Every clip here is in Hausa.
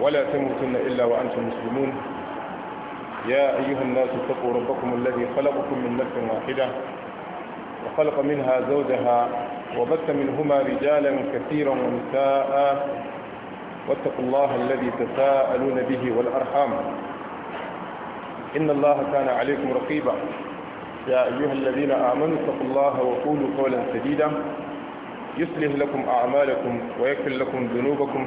ولا تموتن إلا وأنتم مسلمون يا أيها الناس اتقوا ربكم الذي خلقكم من نفس واحدة وخلق منها زوجها وبث منهما رجالا كثيرا ونساء واتقوا الله الذي تساءلون به والأرحام إن الله كان عليكم رقيبا يا أيها الذين آمنوا اتقوا الله وقولوا قولا سديدا يصلح لكم أعمالكم ويكفر لكم ذنوبكم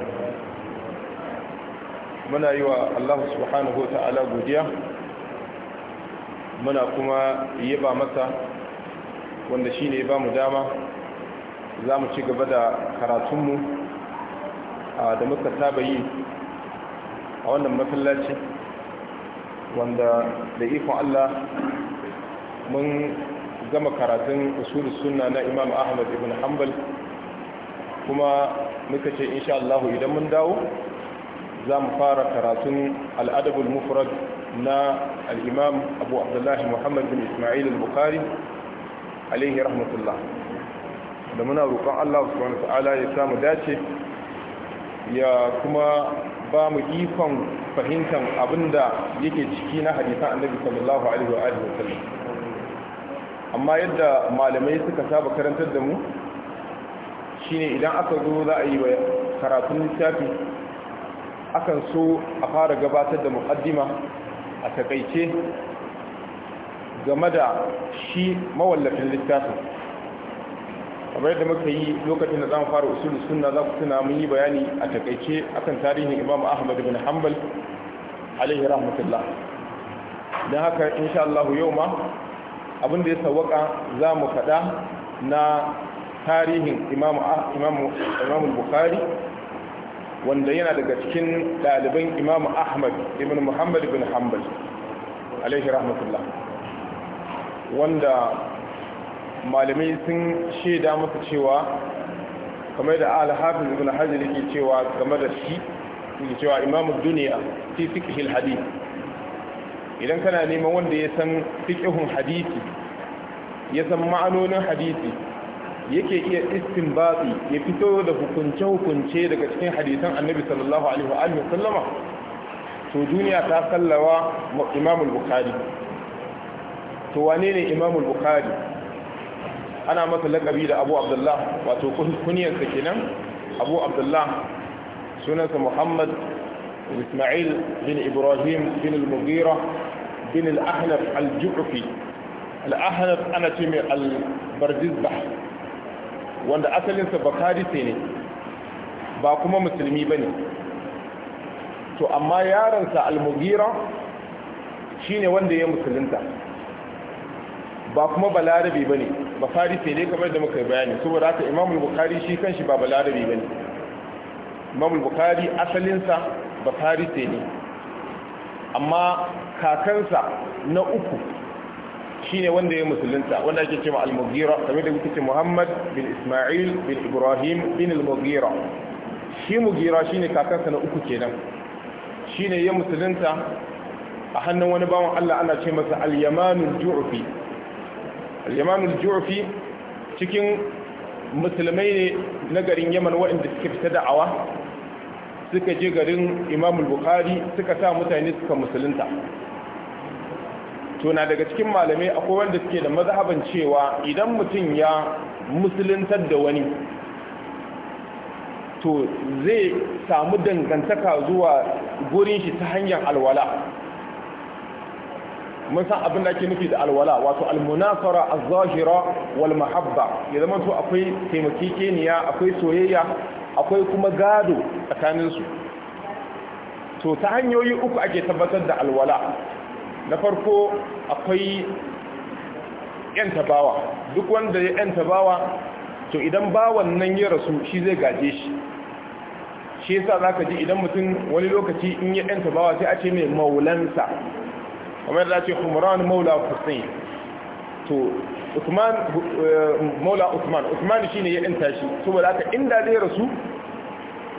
muna yi wa Allah subhanahu wa ta'ala godiya muna kuma yaba masa wanda shine ya ba mu dama za mu ci gaba da karatunmu da muka saba yi a wannan masallaci wanda da ikon Allah mun gama karatun usulus sunna na imam ahmad ibn hanbal kuma muka ce insha Allah idan mun dawo za mu fara karatun al'adabul mufrad na al'imam abu abdullahi muhammad bin ismail al-bukhari alaihi rahmatullah da muna roƙon allah subhanahu ta'ala ya samu dace ya kuma ba mu ikon fahimtar abinda yake ciki na hadisan annabi sallallahu alaihi wa alihi wasallam amma yadda malamai suka saba karantar da mu shine idan aka zo za a yi wa karatun littafi akan so a fara gabatar da muqaddima a takaice game da shi mawallafin littafin kamar yadda muka yi lokacin da zamu fara usul sunna za ku tuna mun yi bayani a takaice akan tarihin Imam Ahmad ibn Hanbal alaihi rahmatullah dan haka insha Allah yau ma abin da ya sawaka za mu faɗa na tarihin Imam Imam Imam Bukhari wanda yana daga cikin ɗaliban imamu ahmad ibn muhammad ibn hanbal alaihi rahmatullah wanda malamai sun shaida masa cewa kamar da alhafin ibn hajar ke cewa game da shi ke cewa imamu duniya fi fiqhil hadith idan kana neman wanda ya san fiqhun hadithi ya san ma'anonin hadithi yake iya istinbati ya fito da hukunce-hukunce daga cikin hadisan annabi sallallahu alaihi wa sallama to duniya ta sallawa imamul bukhari to wane ne imamul bukhari ana masa lakabi da abu abdullah wato kuniyarsa kenan abu abdullah sunansa muhammad ismail bin ibrahim bin al-mughira bin al-ahnaf al-ju'fi al-ahnaf ana ce mai al wanda asalinsa bakarise ne ba kuma musulmi ba ne to amma yaransa almugira shi ne wanda ya musulunta ba kuma balarabi ba ne bakarise ne kamar da muka bayani saboda haka imamul bukari shi kanshi ba balarabi ba ne imamul bukari asalinsa bakarise ne amma kakansa na uku shine wanda ya musulunta wanda ake cewa al-mughira kamar da kuke Muhammad bin Isma'il bin Ibrahim bin al-mughira shi mughira shine kakansa na uku kenan shine ya musulunta a hannun wani bawan Allah ana ce masa al-yamanul ju'fi al-yamanul ju'fi cikin musulmai ne na garin Yaman waɗanda suka fita da'awa suka je garin Imam al-Bukhari suka sa mutane suka musulunta to na daga cikin malamai akwai wanda suke da mazhaban cewa idan mutum ya musuluntar da wani to zai samu dangantaka zuwa gurin shi ta hanyar alwala mun san abin da ake nufi da alwala wato almunasara az-zahira wal mahabba ya zama to akwai taimakekeniya akwai soyayya akwai kuma gado tsakanin su to ta hanyoyi uku ake tabbatar da alwala na farko akwai yanta bawa duk wanda ya yanta bawa to idan bawan nan ya rasu shi zai gaje shi shi yasa zaka ji idan mutum wani lokaci in ya yanta bawa sai a ce mai maulansa kamar da ce Umran maula Hussein to Uthman eh, maula Uthman Uthman shine ya yanta shi saboda haka inda zai rasu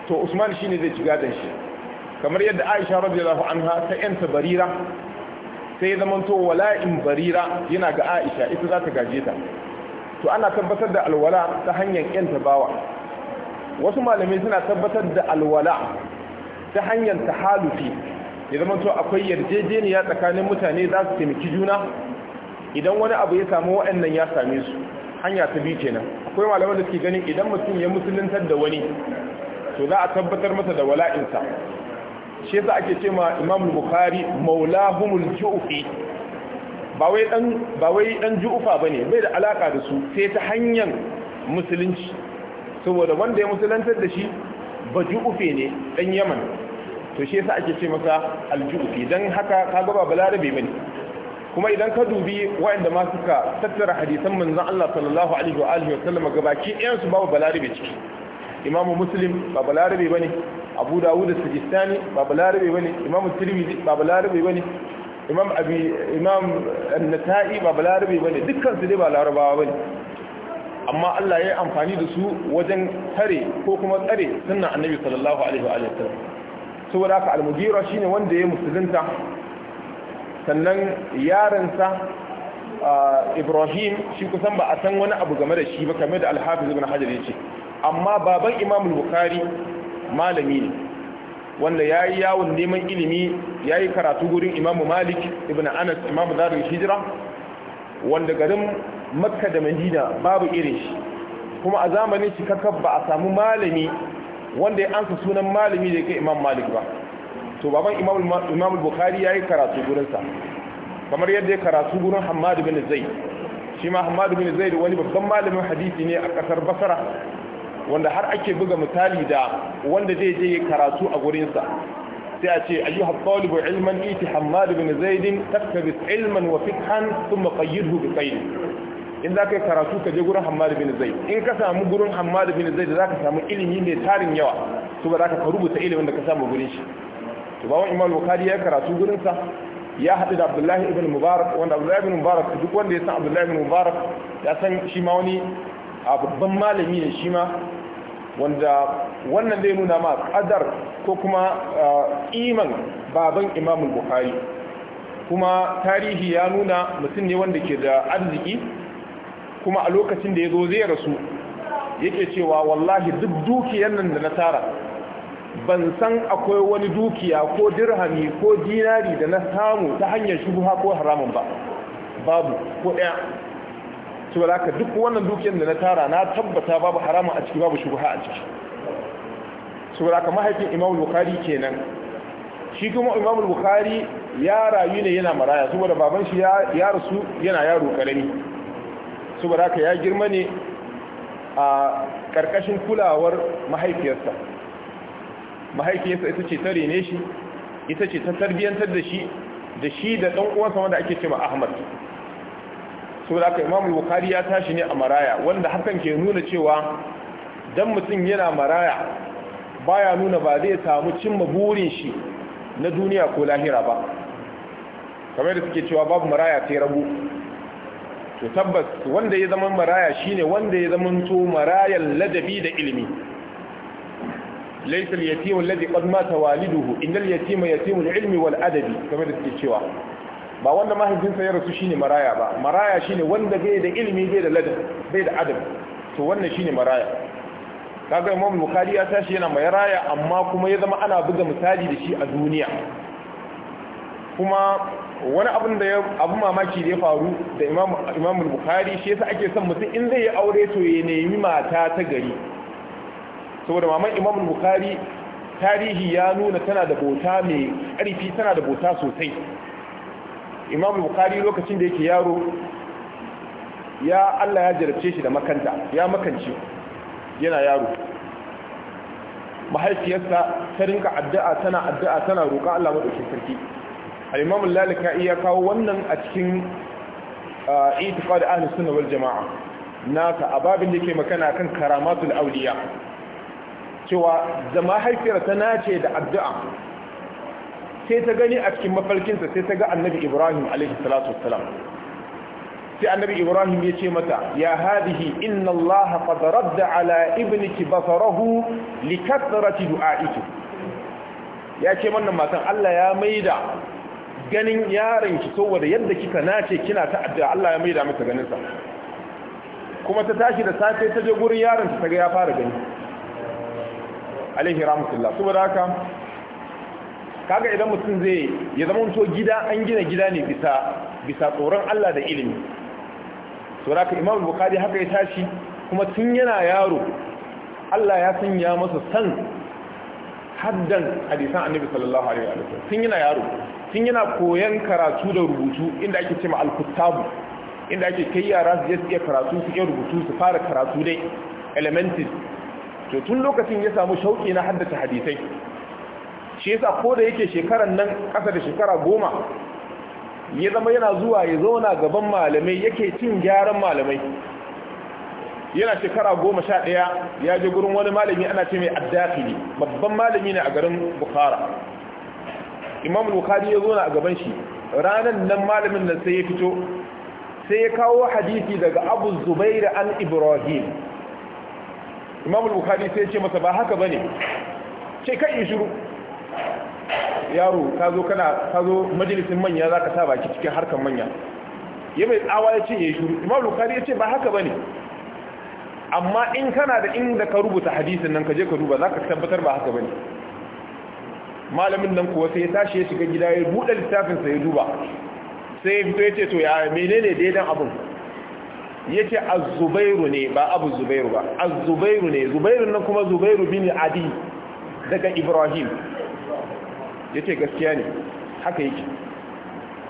to Usman shine zai ci gadan shi kamar yadda Aisha radiyallahu anha ta yanta Barira sai zamanto wala'in barira yana ga aisha ita za ta gaje ta to ana tabbatar da alwala ta hanyar yan tabawa. wasu malamai suna tabbatar da alwala ta hanyar tahalufi ya zama to akwai yarjejeniya tsakanin mutane za su taimaki juna idan wani abu ya samu wa'annan ya same su hanya ta biyu kenan akwai malaman da suke ganin idan mutum ya musuluntar da wani to za a tabbatar masa da wala'insa shi yasa ake ce ma imam bukhari maulahumul ju'fi ba wai dan ba wai bane bai da alaka da su sai ta hanyar musulunci saboda wanda ya musulantar da shi ba ju'ufe ne dan yaman to shi yasa ake ce masa alju'fi dan haka ka ga ba balarabe bane kuma idan ka dubi waɗanda ma suka tattara hadisan manzon Allah sallallahu alaihi wa alihi wa sallam gabaki ɗayan su babu balarabe ciki imamu muslim ba balarabe bane abu dawud da sujistani ba balarabe bane imam tirmidhi ba larabe bane imam abi imam an-nasa'i babu larabe bane dukkan su dai ba larabawa bane amma Allah ya yi amfani da su wajen tare ko kuma tsare sunnan annabi sallallahu alaihi wa sallam saboda haka al-mughira shine wanda ya musulunta sannan yaransa Ibrahim shi kusan ba a san wani abu game da shi ba kamar da Al-Hafiz ibn Hajar yace amma baban Imam Bukhari malami ne wanda ya yi yawon neman ilimi ya yi karatu gurin imamu malik ibn anas imamu zarar hijira wanda garin makka da madina babu irin shi kuma a zamanin shi kakar ba a samu malami wanda ya ansa sunan malami da kai imam malik ba to baban imam bukhari ya yi karatu gurinsa kamar yadda ya karatu gurin hamadu bin Zai, shi ma hamadu bin da wani babban malamin hadisi ne a kasar Basara. wanda har ake buga misali da wanda zai je karatu a gurinsa sai a ce ayyuhal talibu ilman iti hammad bin zaid taktabis ilman wa fiqhan thumma qayyidhu bi qayd in zaka karatu ka je gurin hammad bin zaid in ka samu gurin hammad bin zaid zaka samu ilimi mai tarin yawa to ba zaka ka rubuta ilimin da ka samu gurin shi to bawon imam bukhari ya karatu gurin sa ya haɗu da abdullahi ibn mubarak wanda abdullahi ibn mubarak duk wanda ya san abdullahi ibn mubarak ya san shi ma wani a babban malami ne shi ma wanda wannan zai nuna ma kadar ko kuma iman baban imamul Buhari, kuma tarihi ya nuna mutum ne wanda ke da arziki kuma a lokacin da ya zo zai rasu yake cewa wallahi duk dukiyar nan da na tara ban san akwai wani dukiya ko dirhami ko dinari da na samu ta hanyar shubuha ko haramun ba babu ko ɗaya saboda duk wannan dukiyar da na tara na tabbata babu haramun a ciki babu shubha a ciki saboda mahaifin imamu bukari kenan shi kuma Imam bukari ya rayu ne yana maraya saboda baban shi ya rasu yana yaro karami saboda ya girma ne a karkashin kulawar mahaifiyarsa mahaifiyarsa ita ce tare ne shi ita ce ta tarbiyantar da shi da shi da ɗan uwansa wanda ake cewa Ahmad saboda aka imamu bukari ya tashi ne a maraya wanda hakan ke nuna cewa dan mutum yana maraya baya nuna ba zai samu cimma burin shi na duniya ko lahira ba kamar da suke cewa babu maraya sai rabu to tabbas wanda ya zama maraya shine wanda ya zama to marayan ladabi da ilimi laysa al-yatim alladhi qad mata waliduhu innal yatima yatimul ilmi wal adabi kamar da suke cewa ba wanda mahaifinsa ya rasu shine maraya ba maraya shine wanda bai da ilimi bai da ladab bai da adab to wannan shine maraya kaga Imam Bukhari ya tashi yana raya amma kuma ya zama ana buga misali da shi a duniya kuma wani abin da abin mamaki da ya faru da Imam Bukhari shi yasa ake son mutum in zai yi aure to ya nemi mata ta gari saboda maman Imam Bukhari tarihi ya nuna tana da bota mai ƙarfi tana da bota sosai imam Bukari lokacin da yake yaro ya Allah ya jarabce shi da makanta ya makance yana yaro mahaifiyarsa ta rinka addu'a tana addu'a tana roƙa Allah madaukakin sarki al-imam iya kawo wannan a cikin uh, i'tiqad ahli sunna wal jamaa naka ababin da yake makana kan karamatul awliya cewa zama haifiyar ta nace da addu'a sai ta gani a cikin mafarkinsa sai ta ga annabi ibrahim alaihi salatu sai annabi ibrahim ya ce mata ya hadihi inna allaha fadarar da ala ibniki basarahu li kathrati du'aiki ya ce manna matan Allah ya maida ganin yaron ki saboda yadda kika nace kina ta addu'a Allah ya maida mata ganinsa kuma ta tashi da safe ta je gurin yaron ta ga ya fara gani alaihi rahmatullah saboda haka kaga idan mutum zai ya zama to gida an gina gida ne bisa bisa tsoron Allah da ilimi to haka Imam Bukhari haka ya tashi kuma tun yana yaro Allah ya sanya masa san haddan hadisan Annabi sallallahu alaihi wa sallam tun yana yaro tun yana koyan karatu da rubutu inda ake cewa al-kuttabu inda ake kai yara su je karatu su iya rubutu su fara karatu dai elementary to tun lokacin ya samu shauki na haddace hadisai shi yasa ko da yake shekaran nan ƙasa da shekara goma ya zama yana zuwa ya zauna gaban malamai yake cin gyaran malamai yana shekara goma sha ɗaya ya je gurin wani malami ana ce mai addakili babban malami ne a garin bukhara imam bukari ya zauna a gaban shi ranar nan malamin nan sai ya fito sai ya kawo hadisi daga abu zubairu an ibrahim imam bukhari sai ya ce masa ba haka ba ne ce kan shiru yaro ka zo kana ka zo majalisin manya zaka ka sa baki cikin harkar manya ya mai tsawa ya ce ya eh, yi shuru imamu bukari ya ce ba haka ba amma in kana da inda ka rubuta hadisin nan ka je ka duba za tabbatar ba haka ba malamin nan kuwa sai ya tashi ya shiga gida ya buɗe littafin sa ya duba sai ya fito ya ce to ya menene daidan abun Yace ce Zubairu ne ba abu zubairu ba azubairu ne zubairu nan kuma zubairu bin adi daga ibrahim ya ce gaskiya ne haka yake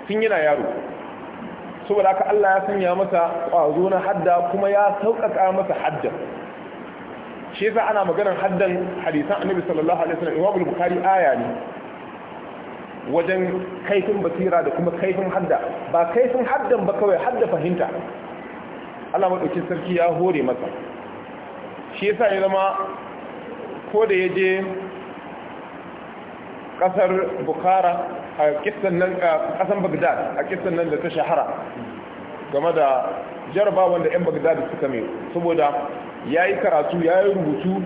tun yana yaro saboda haka Allah ya sanya masa ƙwazo na hadda kuma ya sauƙaƙa masa hadda shi yasa ana maganar haddan hadisan annabi sallallahu alaihi wasallam imamu bukhari aya ne wajen kaifin basira da kuma kaifin hadda ba kaifin haddan ba kawai hadda fahimta Allah madaukin sarki ya hore masa shi yasa ya zama ko da ya je kasar bukhara a kisan nan kasan bagdad a kisan nan da ta shahara game da jarba wanda 'yan bagdad suka mai saboda ya yi karatu ya yi rubutu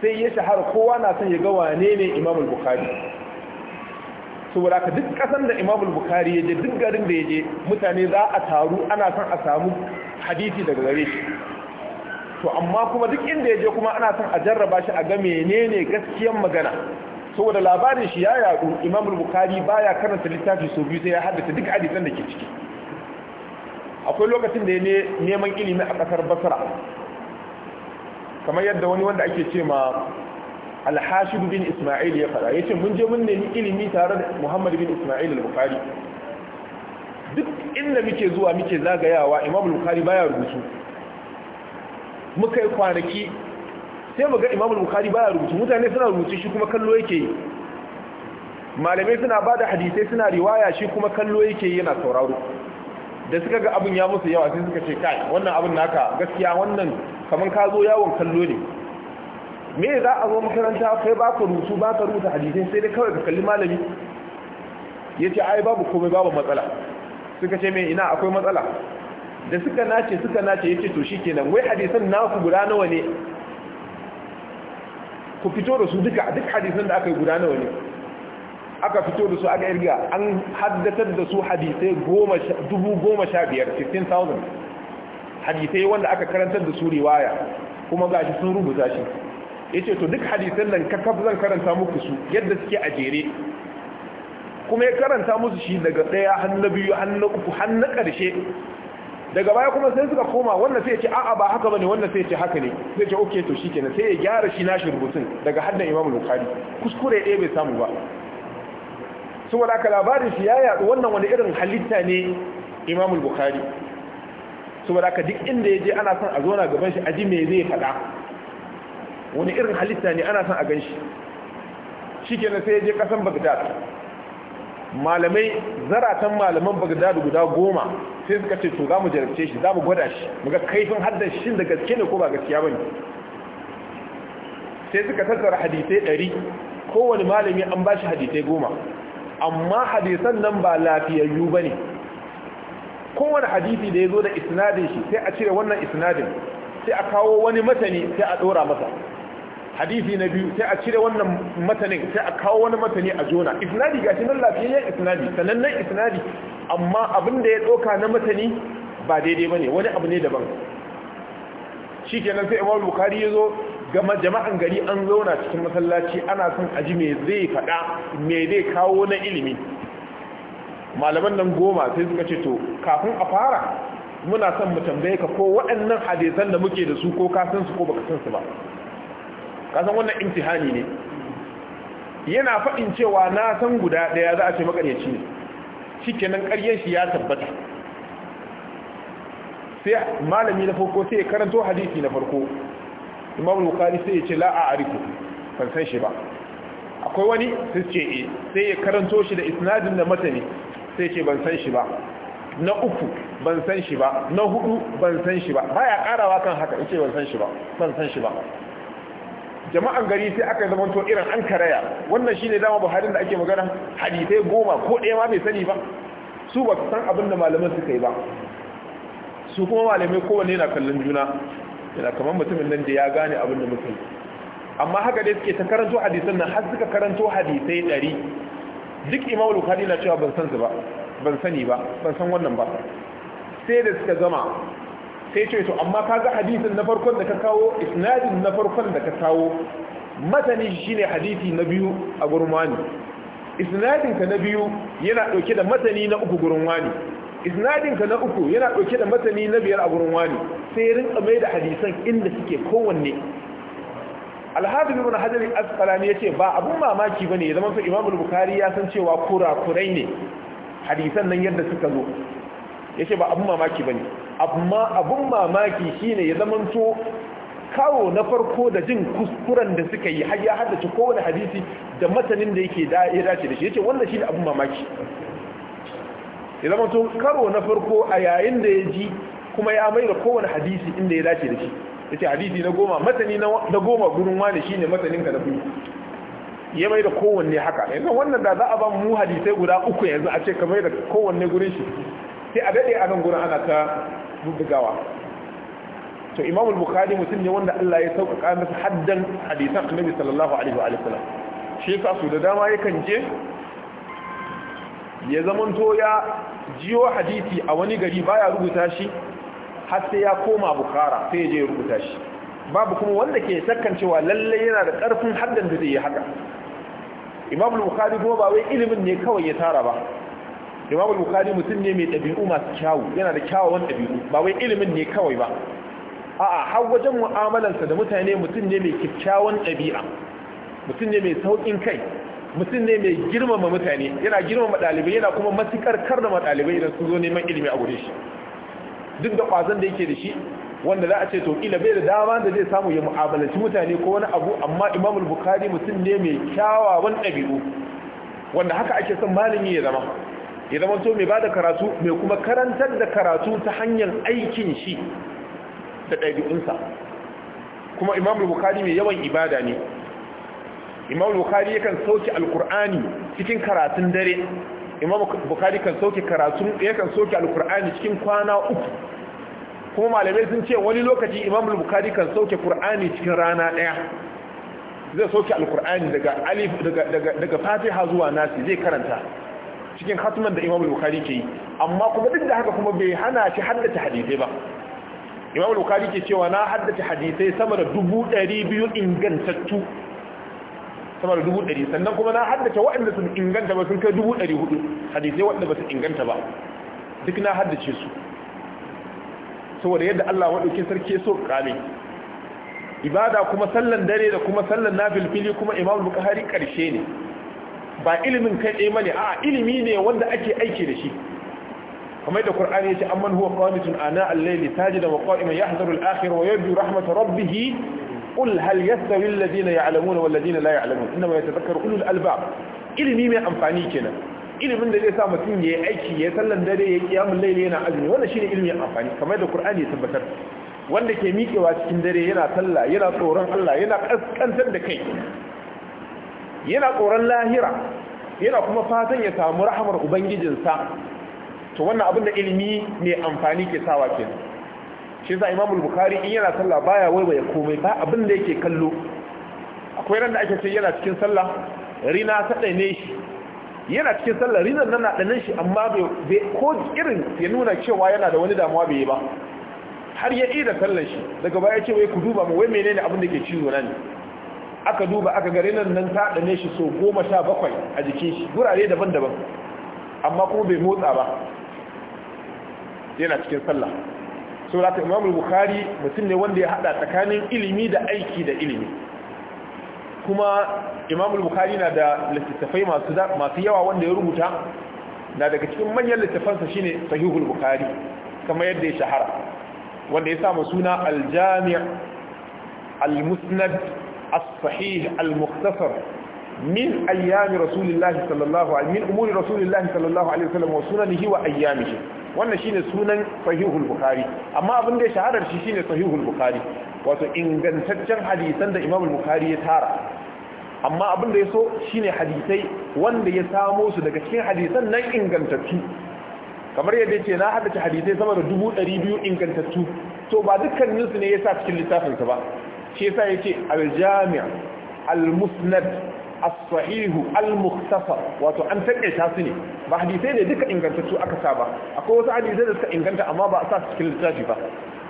sai ya shahara kowa na son ya ga wane ne imamul bukhari saboda ka duk kasan da imamul bukhari ya je duk garin da ya je mutane za a taru ana son a samu hadisi daga gare shi to amma kuma duk inda ya je kuma ana son a jarraba shi a ga menene gaskiyan magana saboda labarin shi ya yaɗu imam al-bukhari baya karanta littafi sau biyu sai ya haddace duk hadisan da ke ciki akwai lokacin da ya ne neman ilimi a ƙasar basra kamar yadda wani wanda ake ce ma alhashidu bin isma'il ya fara ya ce mun je mun nemi ilimi tare da muhammad bin isma'il al-bukhari duk inda muke zuwa muke zagayawa imam al-bukhari baya rubutu muka yi kwanaki sai mu ga imamu bukhari baya rubutu mutane suna rubutu shi kuma kallo yake yi malamai suna ba da hadisai suna riwaya shi kuma kallo yake yana sauraro da suka ga abin ya musu yawa sai suka ce kai wannan abin naka gaskiya wannan kaman ka zo yawon kallo ne me za a zo makaranta kai ba ka rubutu ba ka rubuta hadisai sai dai kawai ka kalli malami ya ce ai babu komai babu matsala suka ce me ina akwai matsala da suka nace suka nace ya ce to shi kenan wai hadisan naku guda nawa ne ku fito da su duka duk hadisan da aka yi guda nawa ne aka fito da su aka irga an haddatar da su hadisai dubu 15,000 hadisai wanda aka karantar da su riwaya kuma ga shi sun rubuta shi ya ce to duk hadisan nan kakaf zan karanta muku su yadda suke a jere kuma ya karanta musu shi daga ɗaya hannu biyu hannu uku hannu ƙarshe daga baya kuma sai suka koma wannan sai ya ce a'a ba haka bane wannan sai ya ce haka ne sai ya ce okay to shikenan sai ya gyara shi nashi rubutun daga haddan Imam Bukhari kuskure ɗaya bai samu ba saboda ka labarin shi ya yaɗu wannan wani irin halitta ne Imam Bukhari saboda ka duk inda ya je ana son a zauna gaban shi aji me zai faɗa wani irin halitta ne ana son a gan shi shikenan sai ya je kasan Baghdad malamai zaratan malaman Baghdad guda goma sai suka ce to za mu jarabce shi za mu gwada shi muka kaifin haddar shi da gaske ne ko ba gaskiya ba ne sai suka tattara hadisai ɗari kowane malami an ba shi hadisai goma amma hadisan nan ba lafiyayyu ba ne kowane hadisi da ya zo da isnadin shi sai a cire wannan isnadin sai a kawo wani matani sai a ɗora masa hadisi na biyu sai a cire wannan matanin sai a kawo wani matani a jona isnadi gashi nan lafiyayyen isnadi sanannen isnadi amma abin da ya doka na matani ba daidai ba ne, wani abu ne daban shi kenan sai Imam ya zo ga jama'an gari an zauna cikin masallaci ana son a ji me zai faɗa, me zai kawo na ilimi malaman nan goma sai suka ce to kafin a fara muna son mu tambaye ka ko waɗannan hadisan da muke da su ko ka san su ko baka san su ba kasan wannan imtihani ne yana faɗin cewa na san guda ɗaya za a ce makaryaci ne shi kenan ƙaryar shi ya tabbata sai malami na farko sai ya karanto hadisi na farko imam bukari sai ya ce la'a a ariku ban san shi ba akwai wani sai ce e sai ya karanto shi da isnadin da matani sai ce ban san shi ba na uku ban san shi ba na hudu ban san shi ba baya karawa kan haka ce ban ban san shi ba jama'an gari sai aka zama to irin an karaya wannan shine dama buharin da ake magana hadisai goma ko ɗaya ma bai sani ba su ba san abin da malaman suka yi ba su kuma malamai wanne yana kallon juna yana kamar mutumin nan da ya gane abin da muke amma haka dai suke ta karanto hadisan nan har suka karanto hadisai ɗari duk imam bukhari na cewa ban san su ba ban sani ba ban san wannan ba sai da suka zama sai ce to amma ga hadisin na farkon da ka kawo isnadin na farkon da ka kawo matani shine hadisi na biyu a gurin wani isnadin ka na biyu yana dauke da matani na uku gurin wani isnadin na uku yana ɗauke da matani na biyar a gurin wani sai rinka mai da hadisan inda suke kowanne alhaji ibn hajar al-asqalani yace ba abun mamaki bane ya zama imam al-bukhari ya san cewa kurakurai ne hadisan nan yadda suka zo yace ba abun mamaki bane amma abun mamaki shine ya zamanto kawo na farko da jin kuskuren da suka yi har ya haddace kowane hadisi da matanin da yake da ya dace da shi yace wannan shine abun mamaki ya zama to karo na farko a yayin da ya ji kuma ya mai da kowane hadisi inda ya dace da shi yace hadisi na goma matani na goma gurin wani shine matanin ka na kuma ya mai da kowanne haka yanzu wannan da za a ba mu hadisai guda uku yanzu a ce ka mai da kowanne gurin shi sai a dade a nan gurin ana ta bubbugawa to imamul bukhari mutum ne wanda Allah ya sauƙaƙa masa haddan hadisan annabi sallallahu alaihi wa sallam shi yasa su da dama yakan je ya zamanto ya jiyo hadisi a wani gari baya rubuta shi har sai ya koma bukhara sai ya je rubuta shi babu kuma wanda ke sakkan cewa lalle yana da karfin haddan da zai yi haka imam bukhari kuma ba wai ilimin ne kawai ya tara ba imam al-bukhari mutum ne mai ɗabi'u masu kyawu yana da kyawawan ɗabi'u ba wai ilimin ne kawai ba a'a har wajen mu'amalansa da mutane mutum ne mai kyakkyawan ɗabi'a mutum ne mai sauƙin kai mutum ne mai girmama mutane yana girmama ɗalibai yana kuma matukar karrama ɗalibai idan su zo neman ilimi a gure shi duk da ƙwazon da yake da shi wanda za a ce to kila bai da dama da zai samu ya mu'amalanci mutane ko wani abu amma imamul bukhari mutum ne mai kyawawan ɗabi'u wanda haka ake son malami ya zama ya zama to mai ba da karatu mai kuma karantar da karatu ta hanyar aikin shi da ɗabi'unsa kuma imam bukari mai yawan ibada ne imam bukari yakan sauke alkur'ani cikin karatun dare imam bukari kan sauke karatun yakan sauke alkur'ani cikin kwana uku kuma malamai sun ce wani lokaci imam bukari kan sauke kur'ani cikin rana ɗaya zai sauke alkur'ani daga alif daga daga fatiha zuwa nasi zai karanta cikin hatunan da imam al-bukhari ke yi amma kuma duk da haka kuma bai hana shi haddace hadisai ba imam al-bukhari ke cewa na haddace hadisai sama da dubu ɗari biyu ingantattu sama da dubu ɗari sannan kuma na haddace waɗanda sun inganta ba sun kai dubu ɗari hudu hadisai waɗanda ba su inganta ba duk na haddace su saboda yadda Allah waɗauki sarki so kame ibada kuma sallan dare da kuma sallan nafilfili kuma imam bukhari ƙarshe ne ba ilimin kai tsaye bane a ilimi ne wanda ake aiki da shi kamar da Qur'ani yace amman huwa qanitun ana al-layli sajidan wa qa'iman yahdharu al-akhir wa yarju rahmat rabbih qul hal yastawi alladhina ya'lamuna wal ladina la ya'lamun inma yatadhakkaru ulul albab ilimi mai amfani kenan ilimin da zai sa mutum yayi aiki ya sallan dare ya kiyamul layli yana azumi wannan shine ilimin amfani kamar da Qur'ani ya tabbatar wanda ke miƙewa cikin dare yana sallah yana tsoron Allah yana kaskantar da kai yana tsoron lahira yana kuma fatan ya samu rahamar ubangijinsa to wannan abin da ilimi mai amfani ke sawa ke shi yasa imamu bukhari in yana sallah baya ya komai ba abin da yake kallo akwai ran ake ce yana cikin sallah rina ta ɗane shi yana cikin sallah rina nan na ɗanen shi amma bai ko irin ya nuna cewa yana da wani damuwa bai yi ba har ya ɗi da sallar shi daga baya ce wai ku duba mu wai menene abin da ke ciwo na ne aka duba aka gare nan nan ta dane shi so goma sha bakwai a jikin shi gurare daban-daban amma kuma bai motsa ba yana cikin sallah so da imam bukhari mutum ne wanda ya hada tsakanin ilimi da aiki da ilimi kuma imam bukhari na da littattafai masu yawa wanda ya rubuta na daga cikin manyan littafansa shine sahihul bukhari kamar yadda ya shahara wanda ya samu suna al-jami' al-musnad as-sahih min ayyami rasulillahi sallallahu alaihi min umuri rasulillahi sallallahu alaihi wa ayyamihi wannan shine sunan sahihul bukhari amma abin da ya shaharar shi shine sahihul bukhari wato ingantaccen hadisan da imam bukhari ya tara amma abin da ya so shine hadisai wanda ya samo su daga cikin hadisan nan ingantattu kamar yadda ya ce na haddace hadisai sama da dubu ɗari biyu ingantattu to ba dukkaninsu ne ya sa cikin littafinsa ba shi yasa ya al-jami' al-musnad as-sahih al-mukhtasar wato an takaita su ne ba hadisai ne duka ingantattu aka saba akwai wasu hadisai da suka inganta amma ba a sa su cikin littafi ba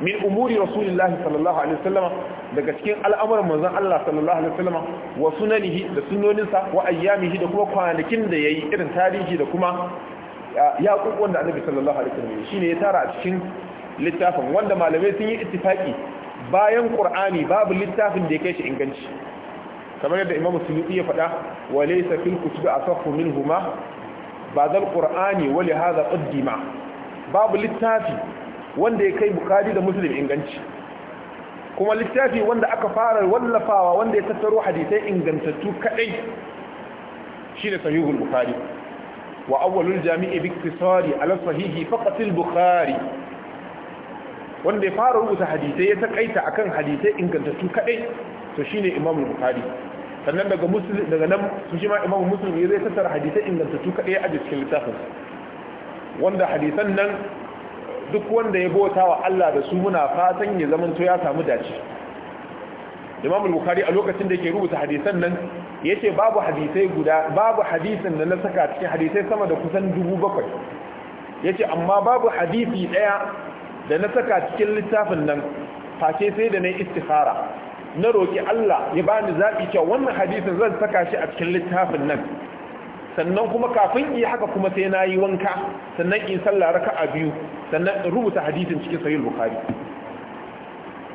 min umuri rasulullahi sallallahu alaihi wasallam daga cikin al'amuran manzon Allah sallallahu alaihi wasallam wa sunanihi da sunnoninsa wa ayyamihi da kuma kwanakin da yayi irin tarihi da kuma ya kokon da annabi sallallahu alaihi wasallam shine ya tara a cikin littafin wanda malamai sun yi ittifaki bayan qur'ani babu littafin da yake shi inganci kamar yadda imamu suyuti ya faɗa wa laysa fil kutubi asaffu minhuma ba zal qur'ani wa li hadha qaddima babu littafi wanda ya kai bukhari da muslim inganci kuma littafi wanda aka fara wallafawa wanda ya tattaro hadisai ingantattu kadai shine sahihul bukhari wa awwalul jami'i bi iktisari ala sahihi faqat al bukhari wanda ya fara rubuta hadisai ya takaita akan hadisai ingantattu kadai to shine Imam Bukhari sannan daga muslim daga nan shi ma Imam Muslim ya zai tattara hadisai ingantattu kadai a cikin littafin wanda hadisan nan duk wanda ya bauta wa Allah da su muna fatan ya to ya samu dace Imam Bukhari a lokacin da yake rubuta hadisan nan yace babu hadisai guda babu hadisin da na saka cikin hadisai sama da kusan 700 yace amma babu hadisi daya da na saka cikin littafin nan face sai da na istikhara na roki Allah ya bani zabi cewa wannan hadisin zan saka shi a cikin littafin nan sannan kuma kafin yi haka kuma sai na yi wanka sannan in sallah raka'a biyu sannan in rubuta hadisin cikin sahih bukhari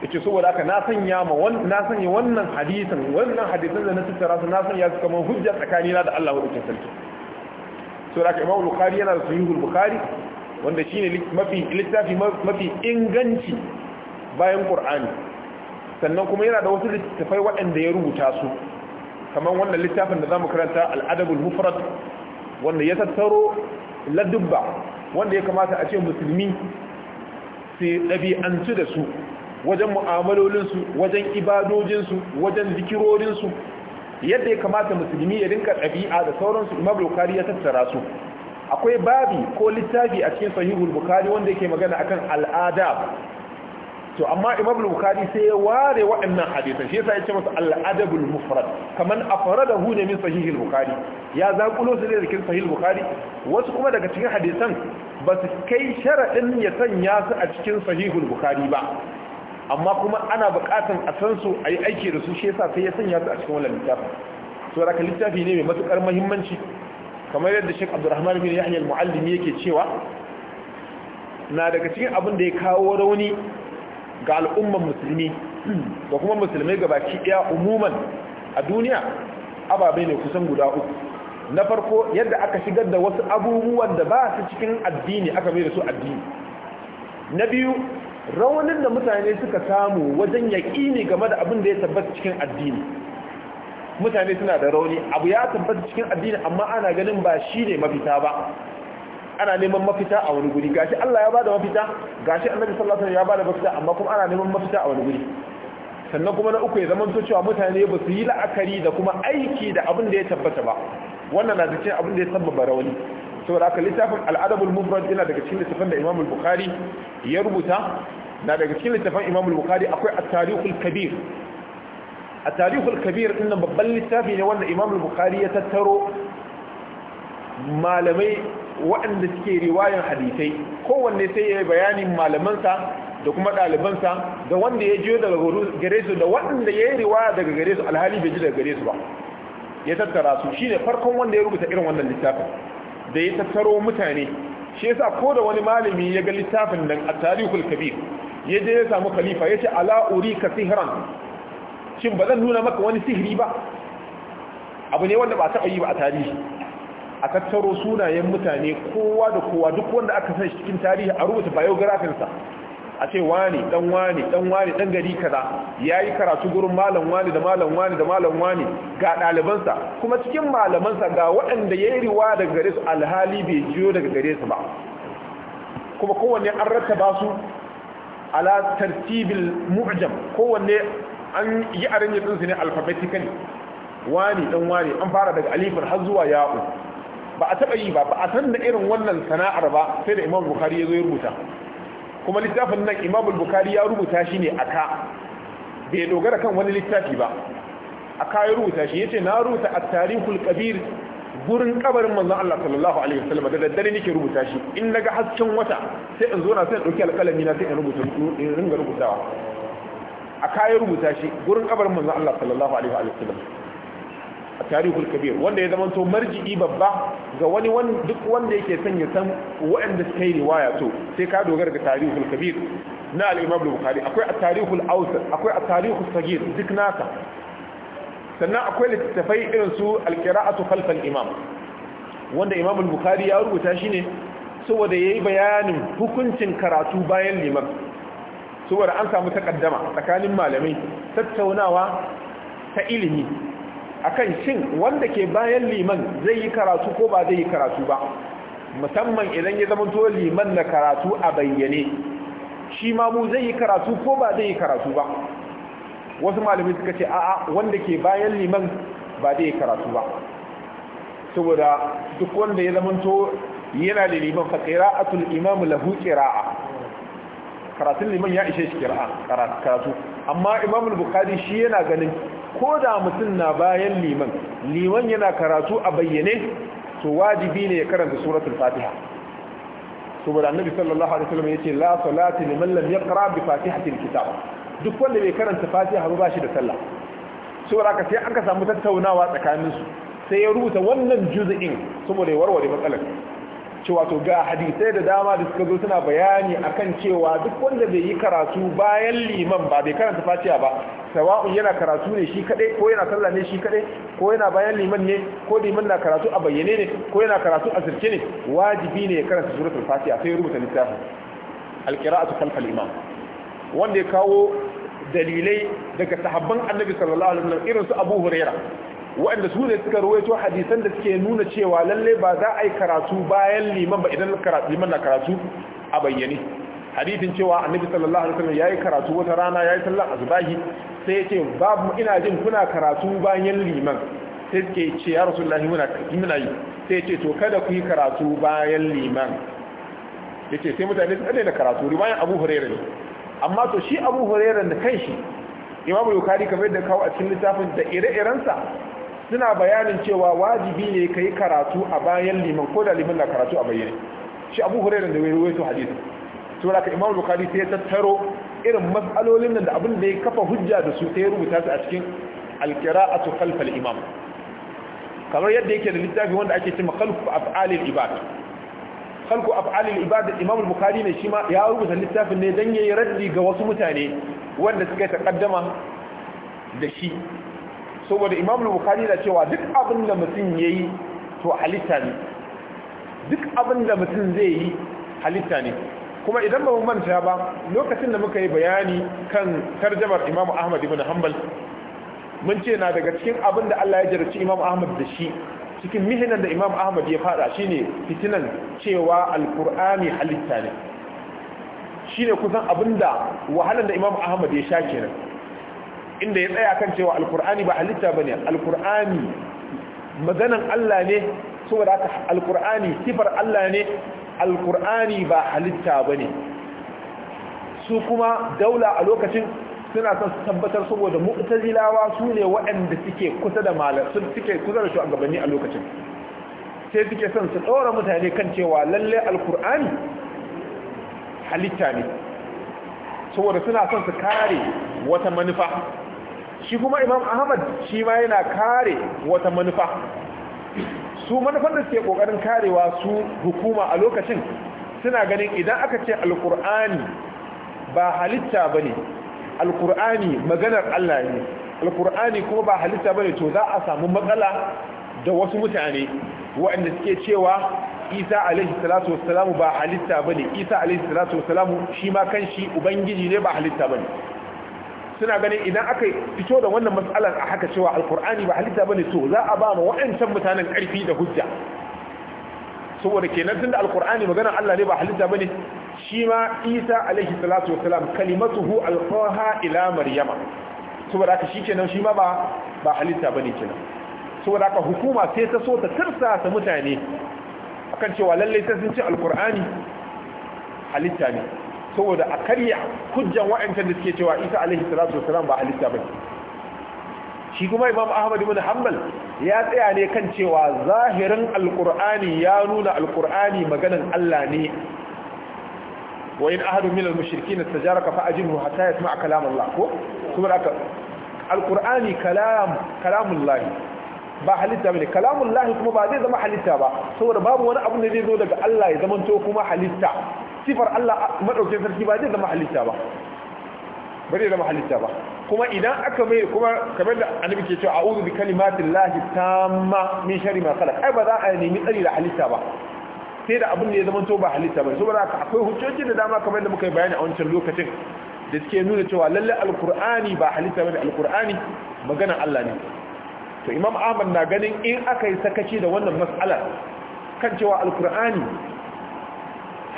yace saboda haka na sanya ma wannan na sanya wannan hadisin wannan hadisin da na tattara su na sanya su kamar hujja tsakanina da Allah wa sarki saboda haka Imam Bukhari yana da sahih Bukhari wanda shine mafi littafi mafi inganci bayan ƙur'ani sannan kuma yana da wasu littafai waɗanda ya rubuta su kamar wannan littafin da zamu karanta al mufrat wanda ya tattaro ladubba wanda ya kamata a ce musulmi su ɗabi'antu da su wajen mu'amalolinsu wajen ibadojinsu wajen zikirorinsu yadda ya kamata musulmi ya rinka ɗabi'a da sauransu imam bukari ya tattara su akwai babi ko littafi a cikin sahihul bukhari wanda yake magana akan al'adab to amma imam bukhari sai ya ware waɗannan hadisan shi yasa yace masa al Kamar mufrad kaman afradahu ne min sahihul bukari, ya zakulo su ne cikin sahihul bukari? wasu kuma daga cikin hadisan ba su kai sharadin ya sanya su a cikin sahihul bukari bukhari ba amma kuma ana buƙatan a san su ayi aiki da su shi yasa sai ya sanya su a cikin wannan littafin to ka littafi ne mai matukar muhimmanci kamar yadda Sheikh Abdulrahman bin Yahya al-Muallimi yake cewa na daga cikin abin da ya kawo rauni ga al'ummar musulmi da kuma musulmai baki daya umuman a duniya ababe ne kusan guda uku na farko yadda aka shigar da wasu abubuwan da ba su cikin addini aka mai da su addini na biyu raunin da mutane suka samu wajen yaƙini game da abin da ya tabbata cikin addini mutane suna da rauni abu ya tabbata cikin addini amma ana ganin ba shi ne mafita ba ana neman mafita a wani guri gashi Allah ya bada mafita gashi annabi sallallahu alaihi wasallam ya bada mafita amma kuma ana neman mafita a wani guri sannan kuma na uku ya zama cewa mutane ba su yi la'akari da kuma aiki da abin da ya tabbata ba wannan na cikin abin da ya sabbaba rauni saboda haka littafin al'adabul mufrad yana daga cikin littafin da Imam al-Bukhari ya rubuta na daga cikin littafin Imam al-Bukhari akwai at-Tarikhul Kabir a tarihul kabir nan babban littafi ne wanda imam bukhari ya tattaro malamai waɗanda suke riwayan hadisai kowanne sai ya yi bayanin malamansa da kuma ɗalibansa da wanda ya jiyo daga gare su da waɗanda ya yi riwaya daga gare su alhali bai ji daga gare su ba ya tattara su shi ne farkon wanda ya rubuta irin wannan littafin da ya tattaro mutane shi yasa ko da wani malami ya ga littafin nan a tarihul kabir ya je ya samu khalifa ya ce ala urika sihran shin ba zan nuna maka wani sihiri ba abu ne wanda ba taɓa yi ba a tarihi a tattaro sunayen mutane kowa da kowa duk wanda aka san cikin tarihi a rubuta biografinsa a ce wani dan wani dan wani dan gari kaza yayi karatu gurin malam wani da malam wani da malam wani ga ɗalibansa kuma cikin malamansa ga waɗanda yayi riwa daga gare su alhali bai jiyo daga gare su ba kuma kowanne an rattaba su ala tartibil mu'jam kowanne an yi arin din su ne alfabetikali wani dan wani an fara daga alifar har zuwa ya'u ba a taba yi ba ba a san da irin wannan sana'ar ba sai da Imam Bukhari ya zo ya rubuta kuma littafin nan Imam Bukhari ya rubuta shi ne aka bai dogara kan wani littafi ba aka ya rubuta shi Ya ce na rubuta a tarikhul kabir gurin kabarin manzon Allah sallallahu alaihi wasallam da daddare nake rubuta shi in naga hasken wata sai in zo na sai in dauki alƙalami na sai in rubuta in ringa rubutawa a kayan rubuta shi gurin kabarin manzon Allah sallallahu alaihi wa sallam a tarihul kabir wanda ya zama to marji'i babba ga wani duk wanda yake son ya san waɗanda suka yi riwaya to sai ka dogara ga tarihul kabir na al-imam bukhari akwai at-tarihul awsat akwai at-tarihul sagir duk naka sannan akwai littattafai irin su al-qira'atu al imam wanda imam bukhari ya rubuta shi ne saboda yayi bayanin hukuncin karatu bayan liman saboda an samu takaddama tsakanin malamai tattaunawa ta ilimi akan shin wanda ke bayan liman zai yi karatu ko ba zai yi karatu ba musamman idan ya zama liman na karatu a bayyane shi ma mu zai yi karatu ko ba zai yi karatu ba wasu malamai suka ce a'a wanda ke bayan liman ba zai yi karatu ba saboda duk wanda ya zama yana da liman fa imam lahu ƙira'a karatun liman ya ishe shi kira karatu amma imam al-bukhari shi yana ganin ko da mutum na bayan liman liman yana karatu a bayyane to wajibi ne ya karanta suratul fatiha saboda annabi sallallahu alaihi wasallam yace la salati liman lam yaqra bi fatihati alkitab duk wanda bai karanta fatiha ba shi da sallah saboda ka sai an ka samu tattaunawa tsakanin su sai ya rubuta wannan juz'in saboda ya warware matsalar cewa to ga hadisai da dama da suka zo suna bayani akan cewa duk wanda bai yi karatu bayan liman ba bai karanta fatiha ba sawa'un yana karatu ne shi kadai ko yana sallah ne shi kadai ko yana bayan liman ne ko liman na karatu a bayyane ne ko yana karatu a sirce ne wajibi ne ya karanta suratul fatiha sai ya rubuta littafin alqira'atu khalf imam wanda ya kawo dalilai daga sahabban annabi sallallahu alaihi wasallam irin su Abu Huraira waɗanda su ne suka rawaito hadisan da suke nuna cewa lalle ba za a yi karatu bayan liman ba idan liman na karatu a bayyane hadithin cewa annabi sallallahu alaihi wasallam yayi karatu wata rana yayi sallar azbahi sai yace babu ina jin kuna karatu bayan liman sai suke ce ya rasulullahi muna muna yi sai yace to kada ku yi karatu bayan liman yace sai mutane su da karatu riwayan Abu Hurairah ne amma to shi Abu Hurairah da kanshi Imam Bukhari kamar da kawo a cikin littafin da ire-irensa suna bayanin cewa wajibi ne ka yi karatu a bayan liman ko da liman na karatu a bayyane shi abu hurairar da wai ruwaito hadisi saboda ka imam bukari sai ya tattaro irin matsalolin nan da abin da ya kafa hujja da su sai rubuta su a cikin alqira'atu khalfal imam kamar yadda yake da littafi wanda ake cewa Kalku af'alil ibad Kalku af'alil ibad imam bukari ne shi ma ya rubuta littafin ne dan yayi raddi ga wasu mutane wanda suka takaddama da shi saboda imam bukhari na cewa duk abin da mutum yayi to halitta ne duk abin da mutum zai yi halitta ne kuma idan ba mu manta ba lokacin da muka yi bayani kan tarjamar imam ahmad ibn hanbal mun ce na daga cikin abin da Allah ya jarci imam ahmad da shi cikin mihinan da imam ahmad ya fada shine fitinan cewa alkur'ani halitta ne shine kusan abinda wahalan da imam ahmad ya sha kenan inda ya tsaya kan cewa alkur'ani ba halitta bane alkur'ani maganan Allah ne saboda haka alkur'ani sifar Allah ne alkur'ani ba halitta bane su kuma daula a lokacin suna son su tabbatar saboda mu'tazilawa su ne waɗanda suke kusa da malam suke kusa da shugabanni a lokacin sai suke son su ɗora mutane kan cewa lalle alkur'ani halitta ne saboda suna son su kare wata manufa shi kuma imam ahmad shi ma yana kare wata manufa su manufan da suke kokarin karewa su hukuma a lokacin suna ganin idan aka ce alkur'ani ba halitta ba ne alkur'ani maganar allah ne alkur'ani kuma ba halitta ba ne to za a samu matsala da wasu mutane waɗanda suke cewa isa alaihi salatu wassalamu ba halitta ba ne isa alaihi salatu wassalamu shi ma kan shi ubangiji ne ba halitta ba ne suna ganin idan aka fito da wannan matsalar a haka cewa alkur'ani ba halitta bane to za a ba mu wa'ancan mutanen ƙarfi da hujja saboda kenan tunda alkur'ani magana Allah ne ba halitta bane shi ma Isa alaihi salatu wassalam kalimatuhu alqaha ila maryama saboda haka shikenan shi ma ba ba halitta bane kenan saboda haka hukuma sai ta so ta tarsa ta mutane akan cewa lalle ta sun ci alkur'ani halitta ne saboda a karya hujjan wa'ancan da suke cewa isa alaihi salatu wasalam ba halitta bane shi kuma imam ahmad ibn hanbal ya tsaya ne kan cewa zahirin alqur'ani ya nuna alqur'ani maganan Allah ne wa in ahadu min almushrikin istajaraka fa ajinhu hatta yasma' kalam Allah ko kuma aka alqur'ani kalam kalamullah ba halitta bane kalamullah kuma ba zai zama halitta ba saboda babu wani abu da zai zo daga Allah ya zamanto kuma halitta sifar Allah madaukin sarki ba zai zama halitta ba ba zai zama halitta ba kuma idan aka mai kuma kamar da annabi ke cewa a'udhu bi kalimatin lahi tamma min sharri ma khalaq ai ba za a nemi tsari da halitta ba sai da abin da ya zama to ba halitta ba saboda haka akwai hujjoji da dama kamar da muka yi bayani a wancan lokacin da suke nuna cewa lalle alqur'ani ba halitta bane alqur'ani magana Allah ne to imam ahmad na ganin in aka yi sakaci da wannan mas'alar kan cewa alqur'ani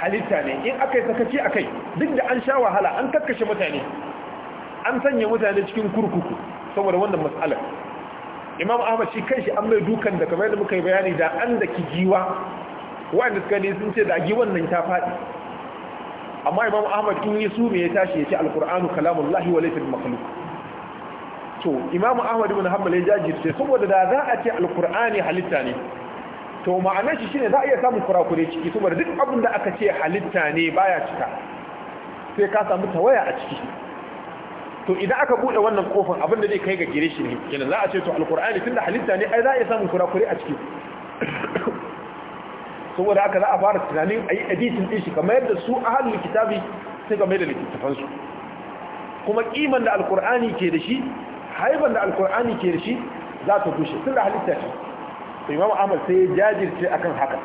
halitta ne in aka yi sakaci a kai duk da an sha wahala an kakkashe mutane an sanya mutane cikin kurkuku saboda wannan matsalar imam ahmad shi kanshi an mai dukan da kamar da muka yi bayani da an da ki giwa wa'anda suka ne sun ce da giwan nan ta faɗi amma imam ahmad in yi su ya tashi ya ce alkur'anu kalamullahi wa laifin makhluk to imam ahmad ibn hanbal ya jajirce saboda da za a ce alkur'ani halitta ne to ma'anar shi shine za a iya samun kurakure ciki saboda duk abin da aka ce halitta ne baya cika sai ka samu tawaya a ciki to idan aka bude wannan kofin abin da zai kai ga gire shi ne kenan za a ce to alqur'ani tunda halitta ne ai za a iya samun kurakure a ciki saboda aka za a fara tunanin ayi editing din shi kamar yadda su ahlul kitabi sai mai da littafan su kuma kiman da alqur'ani ke da shi haiban da alqur'ani ke da shi za ta gushe tunda halitta ce to imam ahmad sai ya jajirce akan haka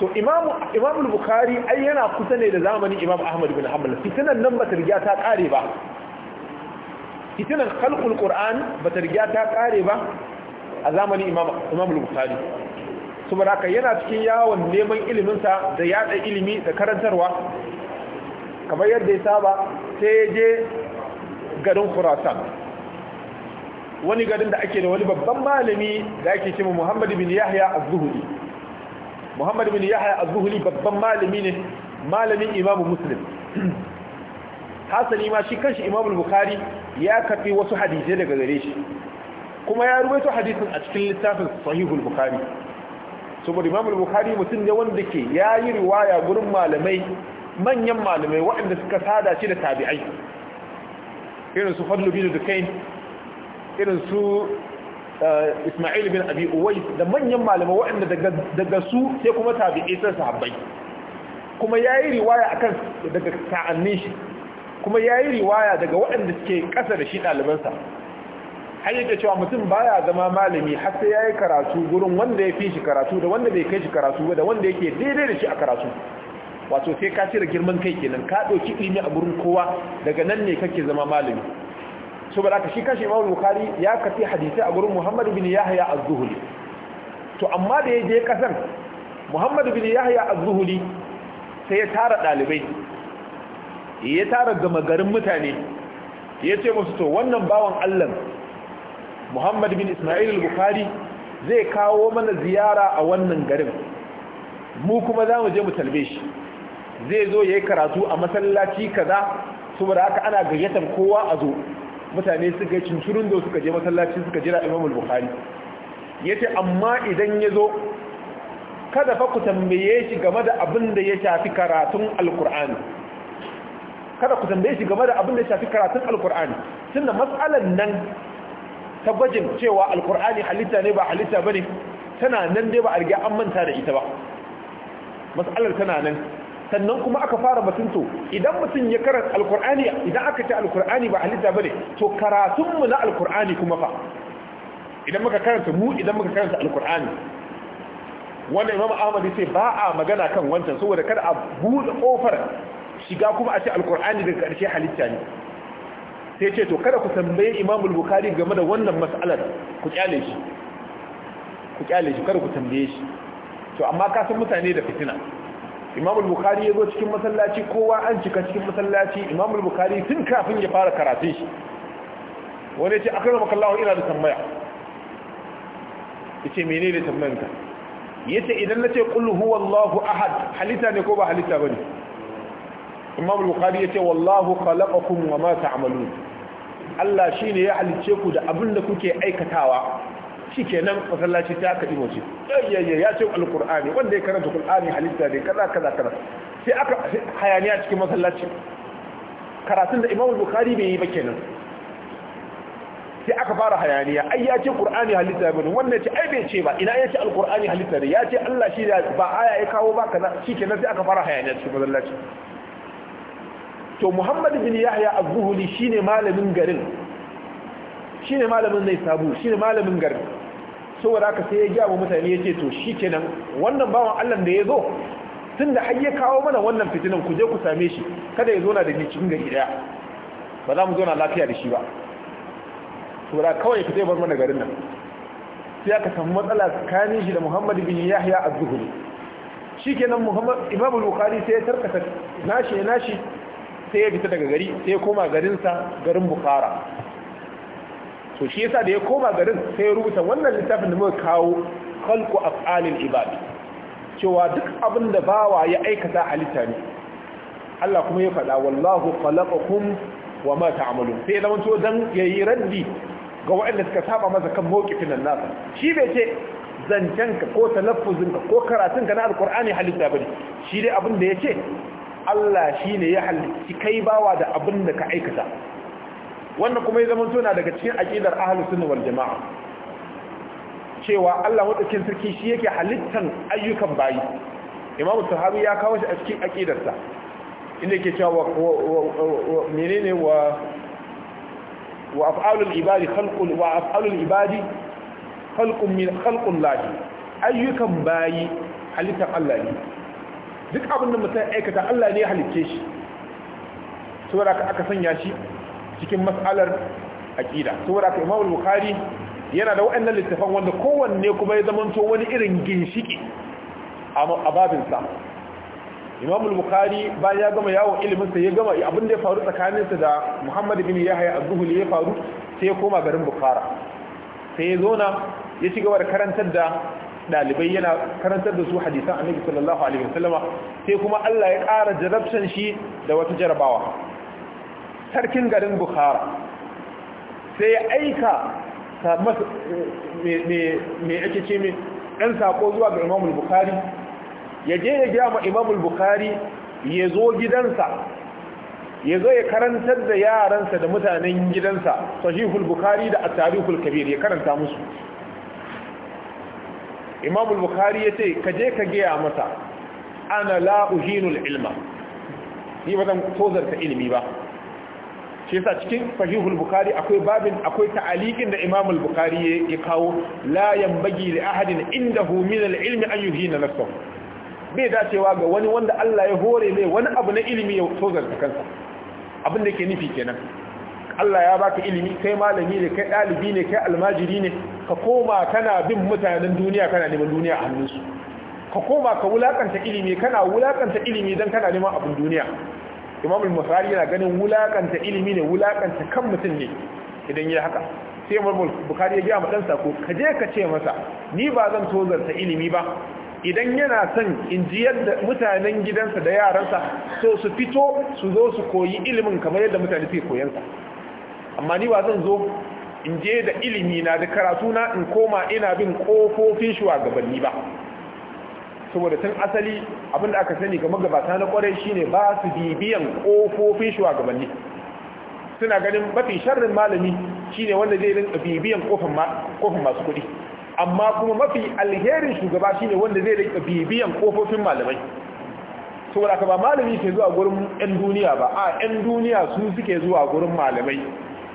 to imam bukhari ai yana kusa ne da zamanin imam ahmad bin hanbal fitinan nan bata riga ta kare ba fitinan khalqul qur'an bata riga ta kare ba a zamanin imam imam bukhari saboda haka yana cikin yawon neman ilimin sa da yada ilimi da karantarwa kamar yadda ya saba sai ya je garin khurasan wani garin da ake da wani babban malami da ake cewa Muhammad bin Yahya az-Zuhri Muhammad bin Yahya az-Zuhri babban malami ne malamin Imam Muslim hasali ma shi kanshi Imam Bukhari ya kafi wasu hadisi daga gare shi kuma ya rubuta hadisin a cikin littafin Sahihul Bukhari saboda Imam Bukhari mutum ne wanda ke ya yi riwaya gurin malamai manyan malamai waɗanda suka sada shi da tabi'ai irin su Fadlu bin Dukain irin su eh, Ismail bin Abi Uwais da manyan malamai waɗanda daga su sai kuma tabi'i sai sahabbai kuma yayi riwaya akan daga ta'annin shi kuma yayi riwaya daga waɗanda suke ƙasa da shi ɗalibansa har yake cewa mutum baya zama malami har sai yayi karatu gurin wanda ya fi shi karatu da wanda bai kai shi karatu ba da wanda yake daidai da shi a karatu wato sai ka cire girman kai kenan ka ɗauki ilimi a gurin kowa daga nan ne kake zama malami saboda ka shi kashi imam bukhari ya kafi hadisi a gurin muhammad bin yahya az-zuhri to amma da ya je kasan muhammad bin yahya az-zuhri sai ya tara dalibai ya tara gama garin mutane ya ce musu to wannan bawan Allah muhammad bin isma'il al-bukhari zai kawo mana ziyara a wannan garin mu kuma za mu je mu talbe shi zai zo ya yi karatu a masallaci kaza saboda haka ana gayyatar kowa a zo mutane suka yi cincirin da suka je masallaci suka jira al bukhari ya ce amma idan ya zo kada fa ku tambaye shi game da abin da ya shafi karatun alkur'ani kada ku tambaye shi game da abin da ya shafi karatun alkur'ani tunda matsalan nan ta gwajin cewa alkur'ani halitta ne ba halitta bane tana nan dai ba a riga an manta da ita ba matsalar tana nan sannan kuma aka fara to idan mutum ya karanta alkur'ani idan aka ce alkur'ani ba halitta bane to karatunmu na alkur'ani kuma fa idan muka karanta mu idan muka karanta alkur'ani wannan imam ahmad ya ce ba a magana kan wancan saboda kada a buɗe ƙofar shiga kuma a ce alkur'ani daga karshe halitta ne sai ce to kada ku tambaye imam bukhari game da wannan mas'alar ku kyale shi ku kyale shi kada ku tambaye shi to amma ka san mutane da fitina imamul bukhari ya zo cikin masallaci kowa an cika cikin masallaci imamul bukhari tun kafin ya fara karatun shi wani ya ce akwai rama kallawa ina da tambaya ya ce mene ne tambayanka ya ce idan na ce kullu huwa allahu ahad halitta ne ko ba halitta ba ne imamul bukhari ya ce wallahu khalaqakum wa ma ta'malun Allah shine ya halice ku da abin da kuke aikatawa shi kenan masallaci ta aka imo ce eh, yayyaye ya ce alkur'ani wanda ya karanta kur'ani halitta ne kaza kaza kaza sai aka hayaniya cikin masallaci karatun da imamu bukhari bai yi ba kenan sai aka fara hayaniya ai ya ce qur'ani halitta ne wanda ya ce ai bai ce ba ina ya ce alkur'ani halitta ne ya ce Allah shi ba aya ya kawo ba kaza shi kenan sai aka fara hayaniya cikin masallaci to Muhammad bin Yahya az-Zuhli shine malamin garin shine malamin Naisabu shine malamin garin saboda haka sai ya gya mu mutane ya ce to shi kenan wannan bawan Allah da ya zo tun da har ya kawo mana wannan fitinan ku je ku same shi kada ya zo na da ni cikin gari daya ba za mu zo na lafiya da shi ba saboda kawai fita bar mana garin nan sai aka samu matsala tsakanin shi da Muhammad bin Yahya az-Zuhri shikenan Muhammad Imam al-Bukhari sai ya tarkata nashi nashi sai ya fita daga gari sai ya koma garinsa garin Bukhara to shi yasa da ya koma garin sai ya rubuta wannan littafin da muka kawo khalqu af'alil ibad cewa duk abin da bawa ya aikata halitta ne Allah kuma ya faɗa wallahu khalaqakum wa ma ta'malun sai zaman to dan yayi raddi ga waɗanda suka saba masa kan mawqifin nan shi bai ce ka ko ka ko karatunka na alqur'ani halitta bane shi dai abin da ya ce Allah shine ya halicci kai bawa da abinda ka aikata wannan kuma ya zama tuna daga cikin aƙidar ahalus sunna wal jamaa cewa Allah madaukakin sarki shi yake halittan ayyukan bayi imamu Tuhari ya kawo shi a cikin aƙidarsa. inda yake cewa menene wa wa af'alul ibadi khalqun wa af'alul ibadi khalqun min khalqun lahi ayyukan bayi halittan Allah ne duk abin da mutum aikata Allah ne ya halicce shi saboda aka sanya shi cikin mas'alar aƙida. saboda ka Imam Bukhari yana da waɗannan littafan wanda kowanne kuma ya zamanto wani irin ginshiki a babinsa. sa Imam Bukhari bayan ya gama yawon ilimin sa ya gama abin da ya faru tsakanin da Muhammad bin Yahya a zuhli ya faru sai ya koma garin Bukhara sai ya zauna ya ci gaba da karantar da dalibai yana karantar da su hadisan annabi sallallahu alaihi wasallama sai kuma Allah ya ƙara jarabtan shi da wata jarabawa sarkin garin bukhara sai ya aika mai ake ce mai ɗan saƙo zuwa ga imamul bukhari ya je ya gya ma imamul bukhari ya zo gidansa ya zo ya karantar da yaransa da mutanen gidansa sahihul bukhari da a tarihul kabir ya karanta musu imamul bukhari ya ce ka je ka gaya masa ana la'uhinul ilma ni ba zan tozarta ilimi ba shi yasa cikin sahihul bukhari akwai babin akwai ta'aliqin da Imamul al-bukhari ya kawo la bagi li ahadin indahu min al-ilmi an yuhina nafsahu bai dacewa ga wani wanda Allah ya hore mai wani abu na ilimi ya da kansa abin da ke nufi kenan Allah ya baka ilimi kai malami ne kai dalibi ne kai almajiri ne ka koma kana bin mutanen duniya kana neman duniya a hannunsu ka koma ka wulakanta ilimi kana wulakanta ilimi dan kana neman abin duniya imam al-musari yana ganin wulakanta ilimi ne wulakanta kan mutum ne idan ya haka sai imam al-bukhari ya gaya madansa ko ka je ka ce masa ni ba zan zarta ilimi ba idan yana son in ji yadda mutanen gidansa da yaransa so su fito su zo su koyi ilimin kamar yadda mutane suke sa amma ni ba zan zo in je da ilimi na da karatu na in koma ina bin kofofin shuwagabanni ba saboda tun asali abinda aka sani ga magabata na kwarai shine ba su bibiyan kofofin shugabanni suna ganin mafi sharrin malami shine wanda zai rinka bibiyan kofin masu kuɗi amma kuma mafi alherin shugaba shine wanda zai rinka bibiyan kofofin malamai saboda ka ba malami ke zuwa gurin 'yan duniya ba a 'yan duniya su suke zuwa gurin malamai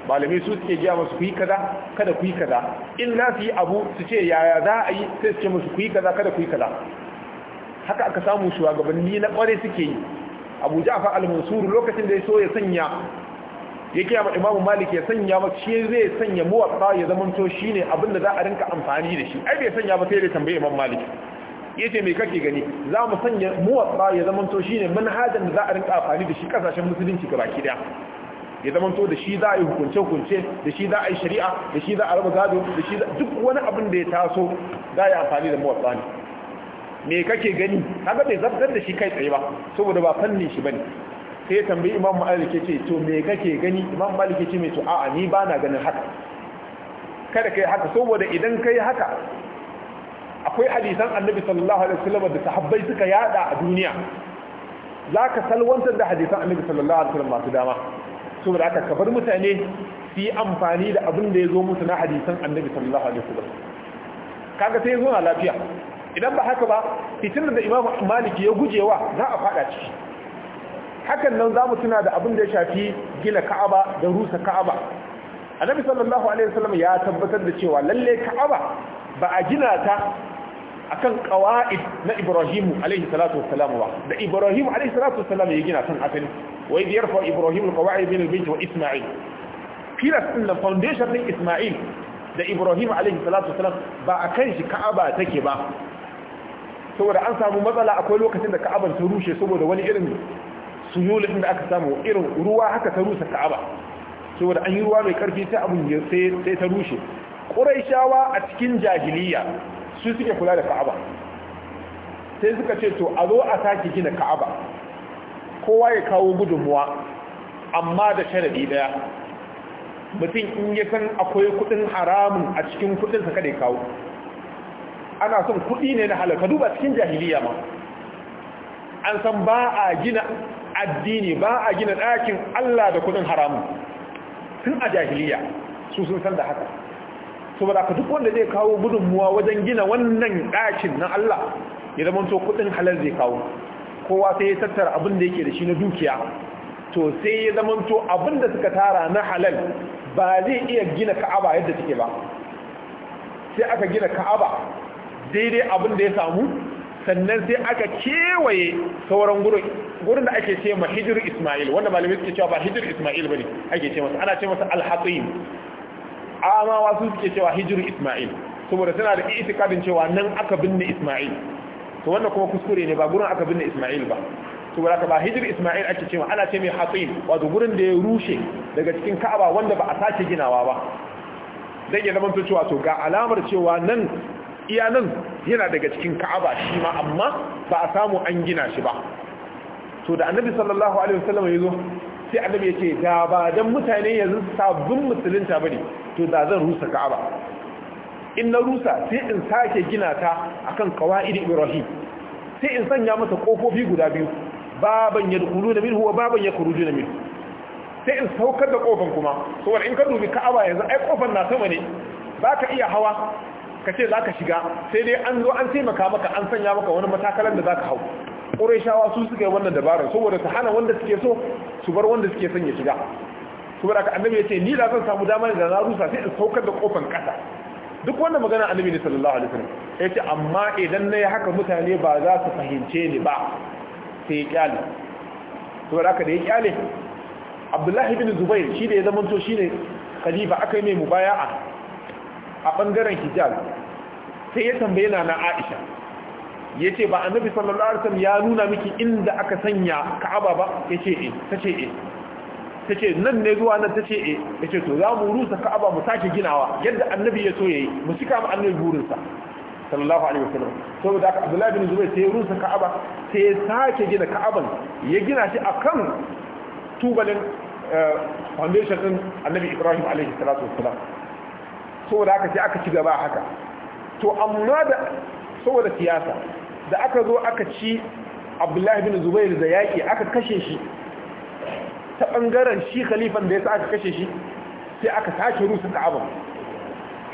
malamai su suke jiya masu kuyi kaza kada kuyi kaza in za su yi abu su ce yaya za a yi sai su ce masu kuyi kaza kada kuyi kaza haka aka samu shugabanni na kware suke yi abu ja'far al-mansur lokacin da ya so ya sanya yake ma imamu malik ya sanya ba shi zai sanya muwatta ya zama to shine abin da za a rinka amfani da shi ai bai sanya ba sai da tambaye imamu malik yace me kake gani za mu sanya muwatta ya zama to shine manhajan da za a rinka amfani da shi kasashen musulunci gabaki daya ya zama to da shi za a yi hukunce hukunce da shi za a yi shari'a da shi za a raba gado da shi duk wani abin da ya taso za a yi amfani da muwatta ne me kake gani kaga bai zabtar da shi kai tsaye ba saboda ba fannin shi bane sai ya tambayi imam malik yace to me kake gani imam malik yace me to a'a ni ba na ganin haka kada kai haka saboda idan kai haka akwai hadisan annabi sallallahu alaihi wasallam da sahabbai suka yada a duniya zaka salwantar da hadisan annabi sallallahu alaihi wasallam masu dama saboda haka kabar mutane su yi amfani da abin da ya zo musu na hadisan annabi sallallahu alaihi wasallam kaga sai zo na lafiya idan ba haka ba fitinar da imamu maliki ya gujewa za a fada ciki hakan nan za mu tuna da abin da ya shafi gina ka'aba da rusa ka'aba annabi sallallahu alaihi wasallam ya tabbatar da cewa lalle ka'aba ba a gina ta akan qawaid na ibrahim alaihi salatu wassalam ba da ibrahim alaihi salatu wassalam ya gina san asali wa idh yarfa ibrahim alqawaid min albayt wa isma'il kiras din da foundation din isma'il da ibrahim alaihi salatu wassalam ba akan shi ka'aba take ba saboda an samu matsala akwai lokacin da ka'abar ta rushe saboda wani irin suyulin da aka samu irin ruwa haka ta rusa ka'aba saboda an yi ruwa mai karfi ta abin sai ta rushe ƙuraishawa a cikin jahiliya su suke kula da ka'aba sai suka ce to a zo a sake gina ka'aba kowa ya kawo gudunmuwa amma da sharadi daya mutum in ya san akwai kuɗin haramun a cikin kuɗinsa, kada ya kawo ana son kuɗi ne na halal ka duba cikin jahiliya ma an san ba a gina addini ba a gina ɗakin Allah da kuɗin haramun tun a jahiliya su sun san da haka saboda ka duk wanda zai kawo gudunmuwa wajen gina wannan ɗakin na Allah ya zama to kuɗin halal zai kawo kowa sai ya tattara abin da yake da shi na dukiya to sai ya zama to abin da suka tara na halal ba zai iya gina ka'aba yadda take ba sai aka gina ka'aba daidai abin da ya samu sannan sai aka kewaye sauran gurin da ake ce ma hijir ismail wanda malamai suke cewa ba hijir ismail ba ne ake ce masa ana ce masa alhatsin amawa sun suke cewa hijir ismail saboda suna da itikadin cewa nan aka binne ismail to wannan kuma kuskure ne ba gurin aka binne ismail ba saboda ka ba hijir ismail ake ce ma ana ce mai hatsin wato gurin da ya rushe daga cikin ka'aba wanda ba a sake ginawa ba zai iya zama cewa to ga alamar cewa nan iyanan yana daga cikin ka'aba shi ma amma ba a samu an gina shi ba to da annabi sallallahu alaihi wasallam ya zo sai annabi ya da ba dan mutane yanzu sabbin musulunta bane to da zan rusa ka'aba in na rusa sai in sake gina ta akan qawaid ibrahim sai in sanya masa kofofi guda biyu baban da minhu wa baban yakhrujuna minhu sai in saukar da kofan kuma saboda in ka dubi ka'aba yanzu ai kofan na sama ne baka iya hawa ka ce za ka shiga sai dai an zo an taimaka maka an sanya maka wani matakalan da za ka hau shawa su suka yi wannan dabarar saboda su hana wanda suke so su bar wanda suke son ya shiga bar aka annabi ya ce ni da zan samu damar da na rusa sai in saukar da kofan ƙasa duk wannan magana annabi ne sallallahu alaihi wasallam ya ce amma idan na yi haka mutane ba za su fahimce ni ba sai ya kyale bar aka da ya kyale abdullahi bin zubair shi da ya zamanto shi ne khalifa aka yi mai mubaya'a a ɓangaren hijab sai ya tambaye na na aisha ya ce ba annabi sallallahu alaihi wasallam ya nuna miki inda aka sanya ka'aba ba ya ce e ta ce e ta ce nan ne zuwa nan ta ce e ya ce to za mu rusa ka'aba mu sake ginawa yadda annabi ya so ya yi mu cika ma annabi burinsa sallallahu alaihi wasallam saboda haka abdullahi bin zubair sai ya rusa ka'aba sai ya sake gina ka'aban ya gina shi akan tubalin foundation din annabi ibrahim alaihi salatu wassalam saboda haka sai aka ci gaba haka to amma da saboda siyasa da aka zo aka ci abdullahi bin zubair da yaƙi aka kashe shi ta ɓangaren shi khalifan da ya sa aka kashe shi sai aka tashi rusa ka'aba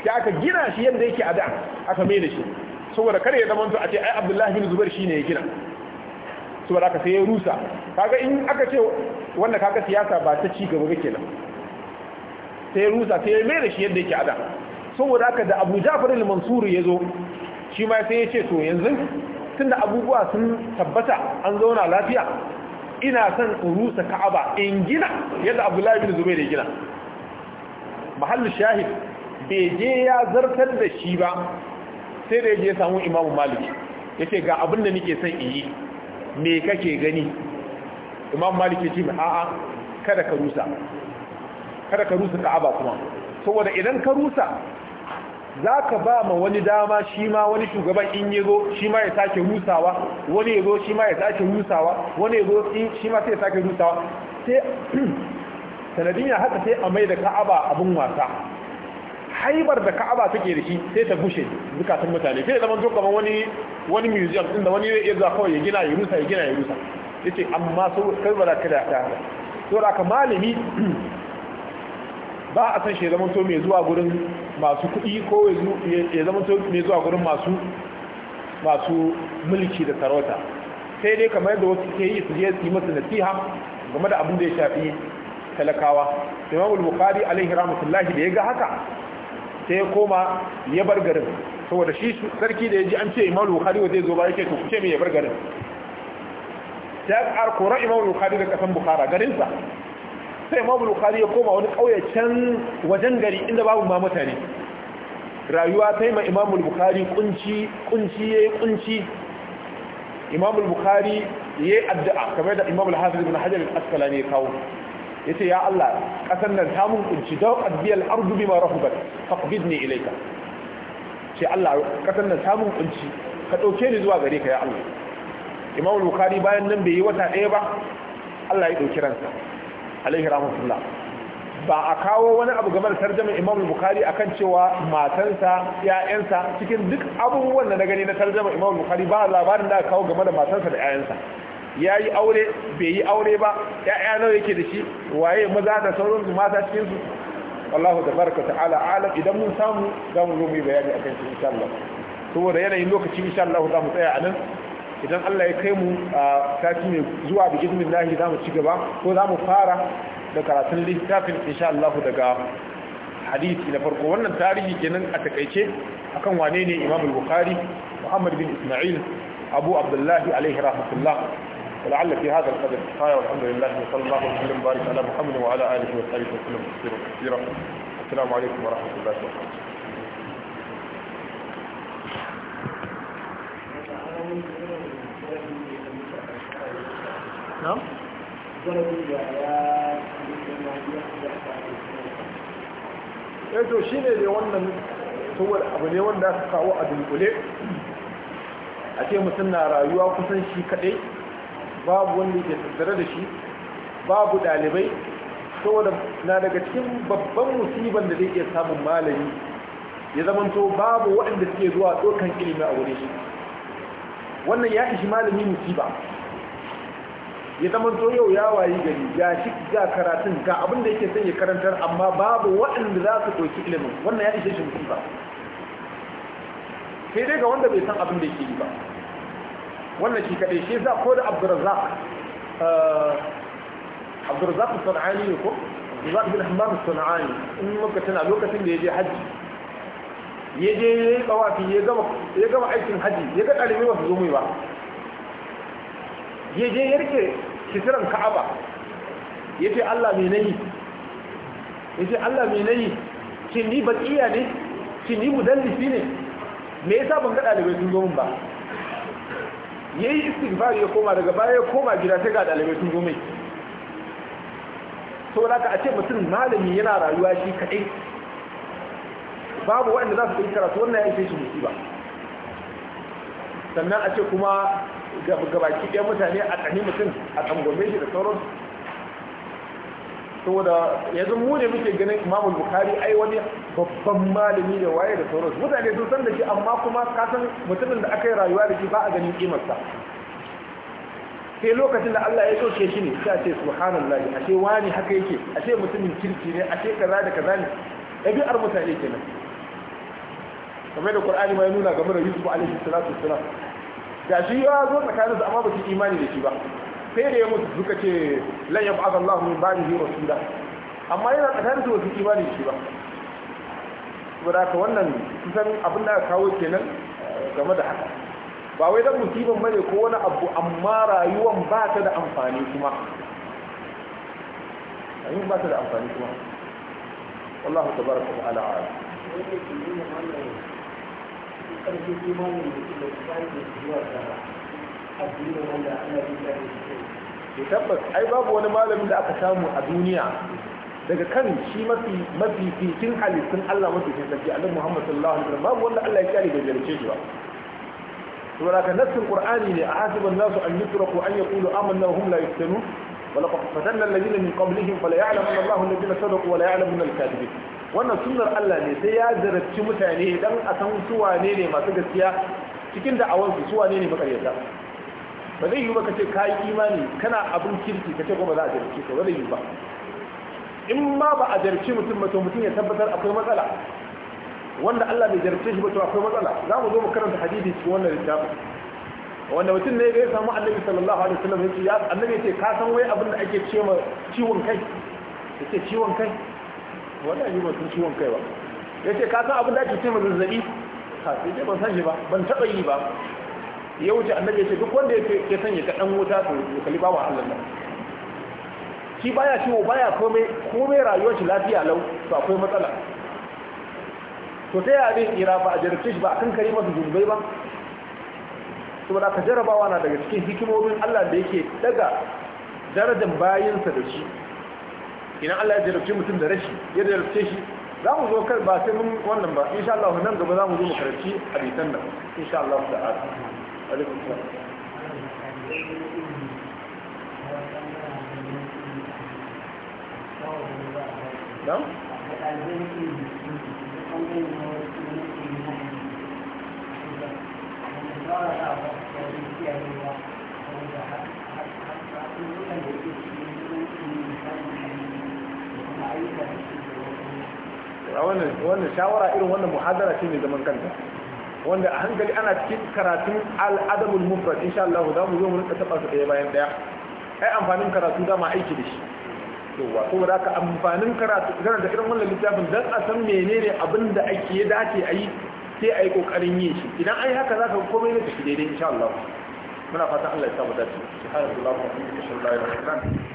sai aka gina shi yadda yake a da aka mai da shi saboda kare ya zamanto a ce ai abdullahi bin zubair shine ya gina saboda aka sai ya rusa kaga in aka ce wanda kaga siyasa ba ta ci gaba ba kenan sai ya rusa sai ya mai da shi yadda yake a da saboda aka da abu jafar al-mansuri ya zo shi ma sai ya ce to yanzu tunda abubuwa sun tabbata an zauna lafiya ina son in rusa ka'aba in gina yadda abdullahi bin zubair ya gina mahallu shahid bai je ya zartar da shi ba sai da ya je samu imamu malik ya ce ga abin da nake son in yi me kake gani imamu malik ya ce a'a kada ka rusa kada ka rusa ka'aba kuma saboda idan ka rusa za ka ba ma wani dama shi ma wani shugaban in yi zo shi ma ya sake rusawa wani ya zo shi ma ya sake rusawa wani ya zo shi ma sai ya sake rusawa sai ya haka sai a mai da ka'aba abin wasa haibar da ka'aba take da shi sai ta bushe zukatun mutane sai zaman zuwa kamar wani wani museum din da wani ya zuwa kawai ya gina ya rusa ya gina ya rusa ce amma sau kai kada da ta haka da ka malami ba a san shi ya zama mai zuwa gurin masu kuɗi ko ya zama mai zuwa gurin masu mulki da sarauta sai dai kamar yadda wasu ke yi su je su yi masu nasiha game da abin da ya shafi talakawa imam al-bukhari alaihi rahmatullahi da ya ga haka sai ya koma ya bar garin saboda shi sarki da ya ji an ce imam al-bukhari zai zo ba yake to kuce me ya bar garin ta arkura imam al-bukhari da kasan bukhara garinsa? sai imamu bukhari ya koma wani kauye wajen gari inda babu ma mutane rayuwa ta yi ma imamu bukhari kunci kunci yayi kunci bukari ya yi addu'a kamar da imamu al na ibn hajar al-asqalani ya kawo yace ya Allah ƙasar nan ta mun kunci da qaddiyal ardu bima rahubat faqbidni ilayka ce Allah ƙasar nan ta mun kunci ka ɗauke ni zuwa gare ka ya Allah imamu bukari bayan nan bai yi wata ɗaya ba Allah ya ɗauki ransa alaihi rahmatullah ba a kawo wani abu game da tarjamin imam bukhari akan cewa matansa ƴaƴansa cikin duk abubuwan da na gani na tarjamin imam bukhari ba labarin da aka kawo game da matansa da ƴaƴansa yayi aure bai yi aure ba ƴaƴa nawa yake da shi waye maza da sauran su mata cikin su wallahu tabaraka ta'ala alam idan mun samu zamu zo mu yi bayani akan shi insha Allah saboda yanayin lokaci insha Allah za mu tsaya a nan idan Allah ya kai mu a sati ne zuwa bi izinin za mu ci gaba ko za mu fara da karatun littafin insha Allah daga hadisi na farko wannan tarihi kenan a takaice akan wane ne Imam Bukhari Muhammad bin Isma'il Abu Abdullah alaihi rahmatullah ولعل في هذا القدر كفايه والحمد لله وصلى الله وسلم وبارك على محمد وعلى اله وصحبه وسلم كثيرا كثيرا السلام عليكم ورحمه الله وبركاته eto eh, ya to shi ne wannan tuwar abu ne wanda aka kawo a dunkule a ce mutum na rayuwa kusan shi kadai babu wanda ke tattare da shi babu dalibai saboda na daga cikin babban musibar da zai iya samun malami ya zamanto babu waɗanda suke zuwa tsokan ilimin a wurin shi wannan ya ishi malami musiba ya zama to yau ya wayi gari ga shi ga karatun ga abin da yake son ya karantar amma babu waɗanda za su ɗauki ilimin wannan ya ishe shi musiba sai dai ga wanda bai san abin da yake yi ba wannan shi kaɗai shi za ko da abdurrazak eh, abdurrazak sun'ani ne ko abdurrazak bin hammam sun'ani in muka tana lokacin da ya je hajji ya je ya yi tsawafi ya gama aikin hajji ya ga ɗalibai ba su zo mai ba ya je ya rike kisiran ka'aba ya ce Allah mai nayi ya ce Allah mai nayi ce ni bakiya ne ce ni mudallisi ne me yasa ban ga ɗalibai sun zo min ba ya yi istighfar ya koma daga baya ya koma gida sai ga ɗalibai sun zo mai sau da a ce mutum malami yana rayuwa shi kaɗai babu waɗanda za su ɗauki karatu wannan ya ishe shi musiba ba sannan a ce kuma gabaki ɗaya mutane a ƙani mutum a tsangwame shi da sauran saboda yanzu mu ne muke ganin imamul bukari ai wani babban malami da waye da sauran mutane sun san da shi amma kuma kasan mutumin da aka yi rayuwa da shi ba a ganin kimarsa sai lokacin da Allah ya soke shi ne sai a ce subhanallahi ashe wani haka yake ashe mutumin kirki ne ashe kaza da kaza ne ɗabi'ar mutane kenan kamar da ƙwar'ani ma ya nuna game da yusuf alaihi salatu salam ga shi ya zo tsakanin su amma ba su imani da shi ba sai da ya mutu suka ce lan yab'ath Allahu min ba'dihi rasula amma yana tsakanin su ba su imani da shi ba saboda ka wannan kusan abin da aka kawo kenan eh, game da haka ba wai dan musibin bane ko wani abu amma rayuwan ba ta da amfani kuma rayuwan ba ta da amfani kuma wallahu tabaraka wa ta'ala ƙarfin imanin da wanda da eh, tabbas ai babu wani malamin da aka samu a duniya daga kan shi mafi mafi fitin halittun Allah mafi fitin sarki Allah Muhammad sallallahu alaihi wasallam babu wanda Allah ya kyale bai jarce shi ba saboda ka nassin Qur'ani ne a hasiban nasu an yutraku an yaqulu amanna wa hum la yuftanun ولقد فتنا الذين من قبلهم فليعلمن الله الذين صدقوا وليعلمن الكاذبين wannan sunar Allah ne sai ya zarafci mutane don a san suwa ne ne masu gaskiya cikin awon su suwa ne makaryata ba zai yi ba ka yi imani kana abin kirki ka ko ba za a zarafce ka zai yi ba in ma ba a zarafce mutum ba to mutum ya tabbatar akwai matsala wanda Allah bai zarafce shi ba to akwai matsala za mu zo mu karanta hadisi cikin wannan littafin wanda mutum ne ya samu annabi sallallahu alaihi wasallam ya ya annabi ce ka san wai abin da ake cewa ciwon kai ce ciwon kai wannan yi masu ciwon kai ba ya ce kasan abin da ake ce mai zazzabi ha sai ce ban san shi ba ban taɓa yi ba ya wuce annabi ya ce duk wanda ya sanya kaɗan wuta to ya kalli bawa Allah nan shi baya ciwo baya komai komai rayuwar shi lafiya lau to akwai matsala to ta yaya zai tsira ba a jarabce shi ba a kan kare masa zunubai ba saboda ka jarabawa na daga cikin hikimomin Allah da yake daga darajar bayansa da shi idan Allah ya jarabce mutum da rashi ya jarabce shi za mu zo kar ba sai mun wannan ba insha Allah nan gaba za mu zo mu karanci hadisan nan insha Allah da ta'ala alaikum salam dan Thank you. wannan shawara irin wannan muhadara shi ne zaman kanta wanda a hankali ana cikin karatun al'adabul mufrad insha Allah za mu zo mu rika taba su ɗaya bayan ɗaya ai amfanin karatu dama aiki da shi yawa da ka amfanin karatu kana da irin wannan littafin dan a san menene abin da ake ya dace a yi sai a yi kokarin yin shi idan ai haka zaka komai ne tafi daidai insha Allah muna fatan Allah ya samu dace subhanallahi wa bihamdihi la Allah ya anta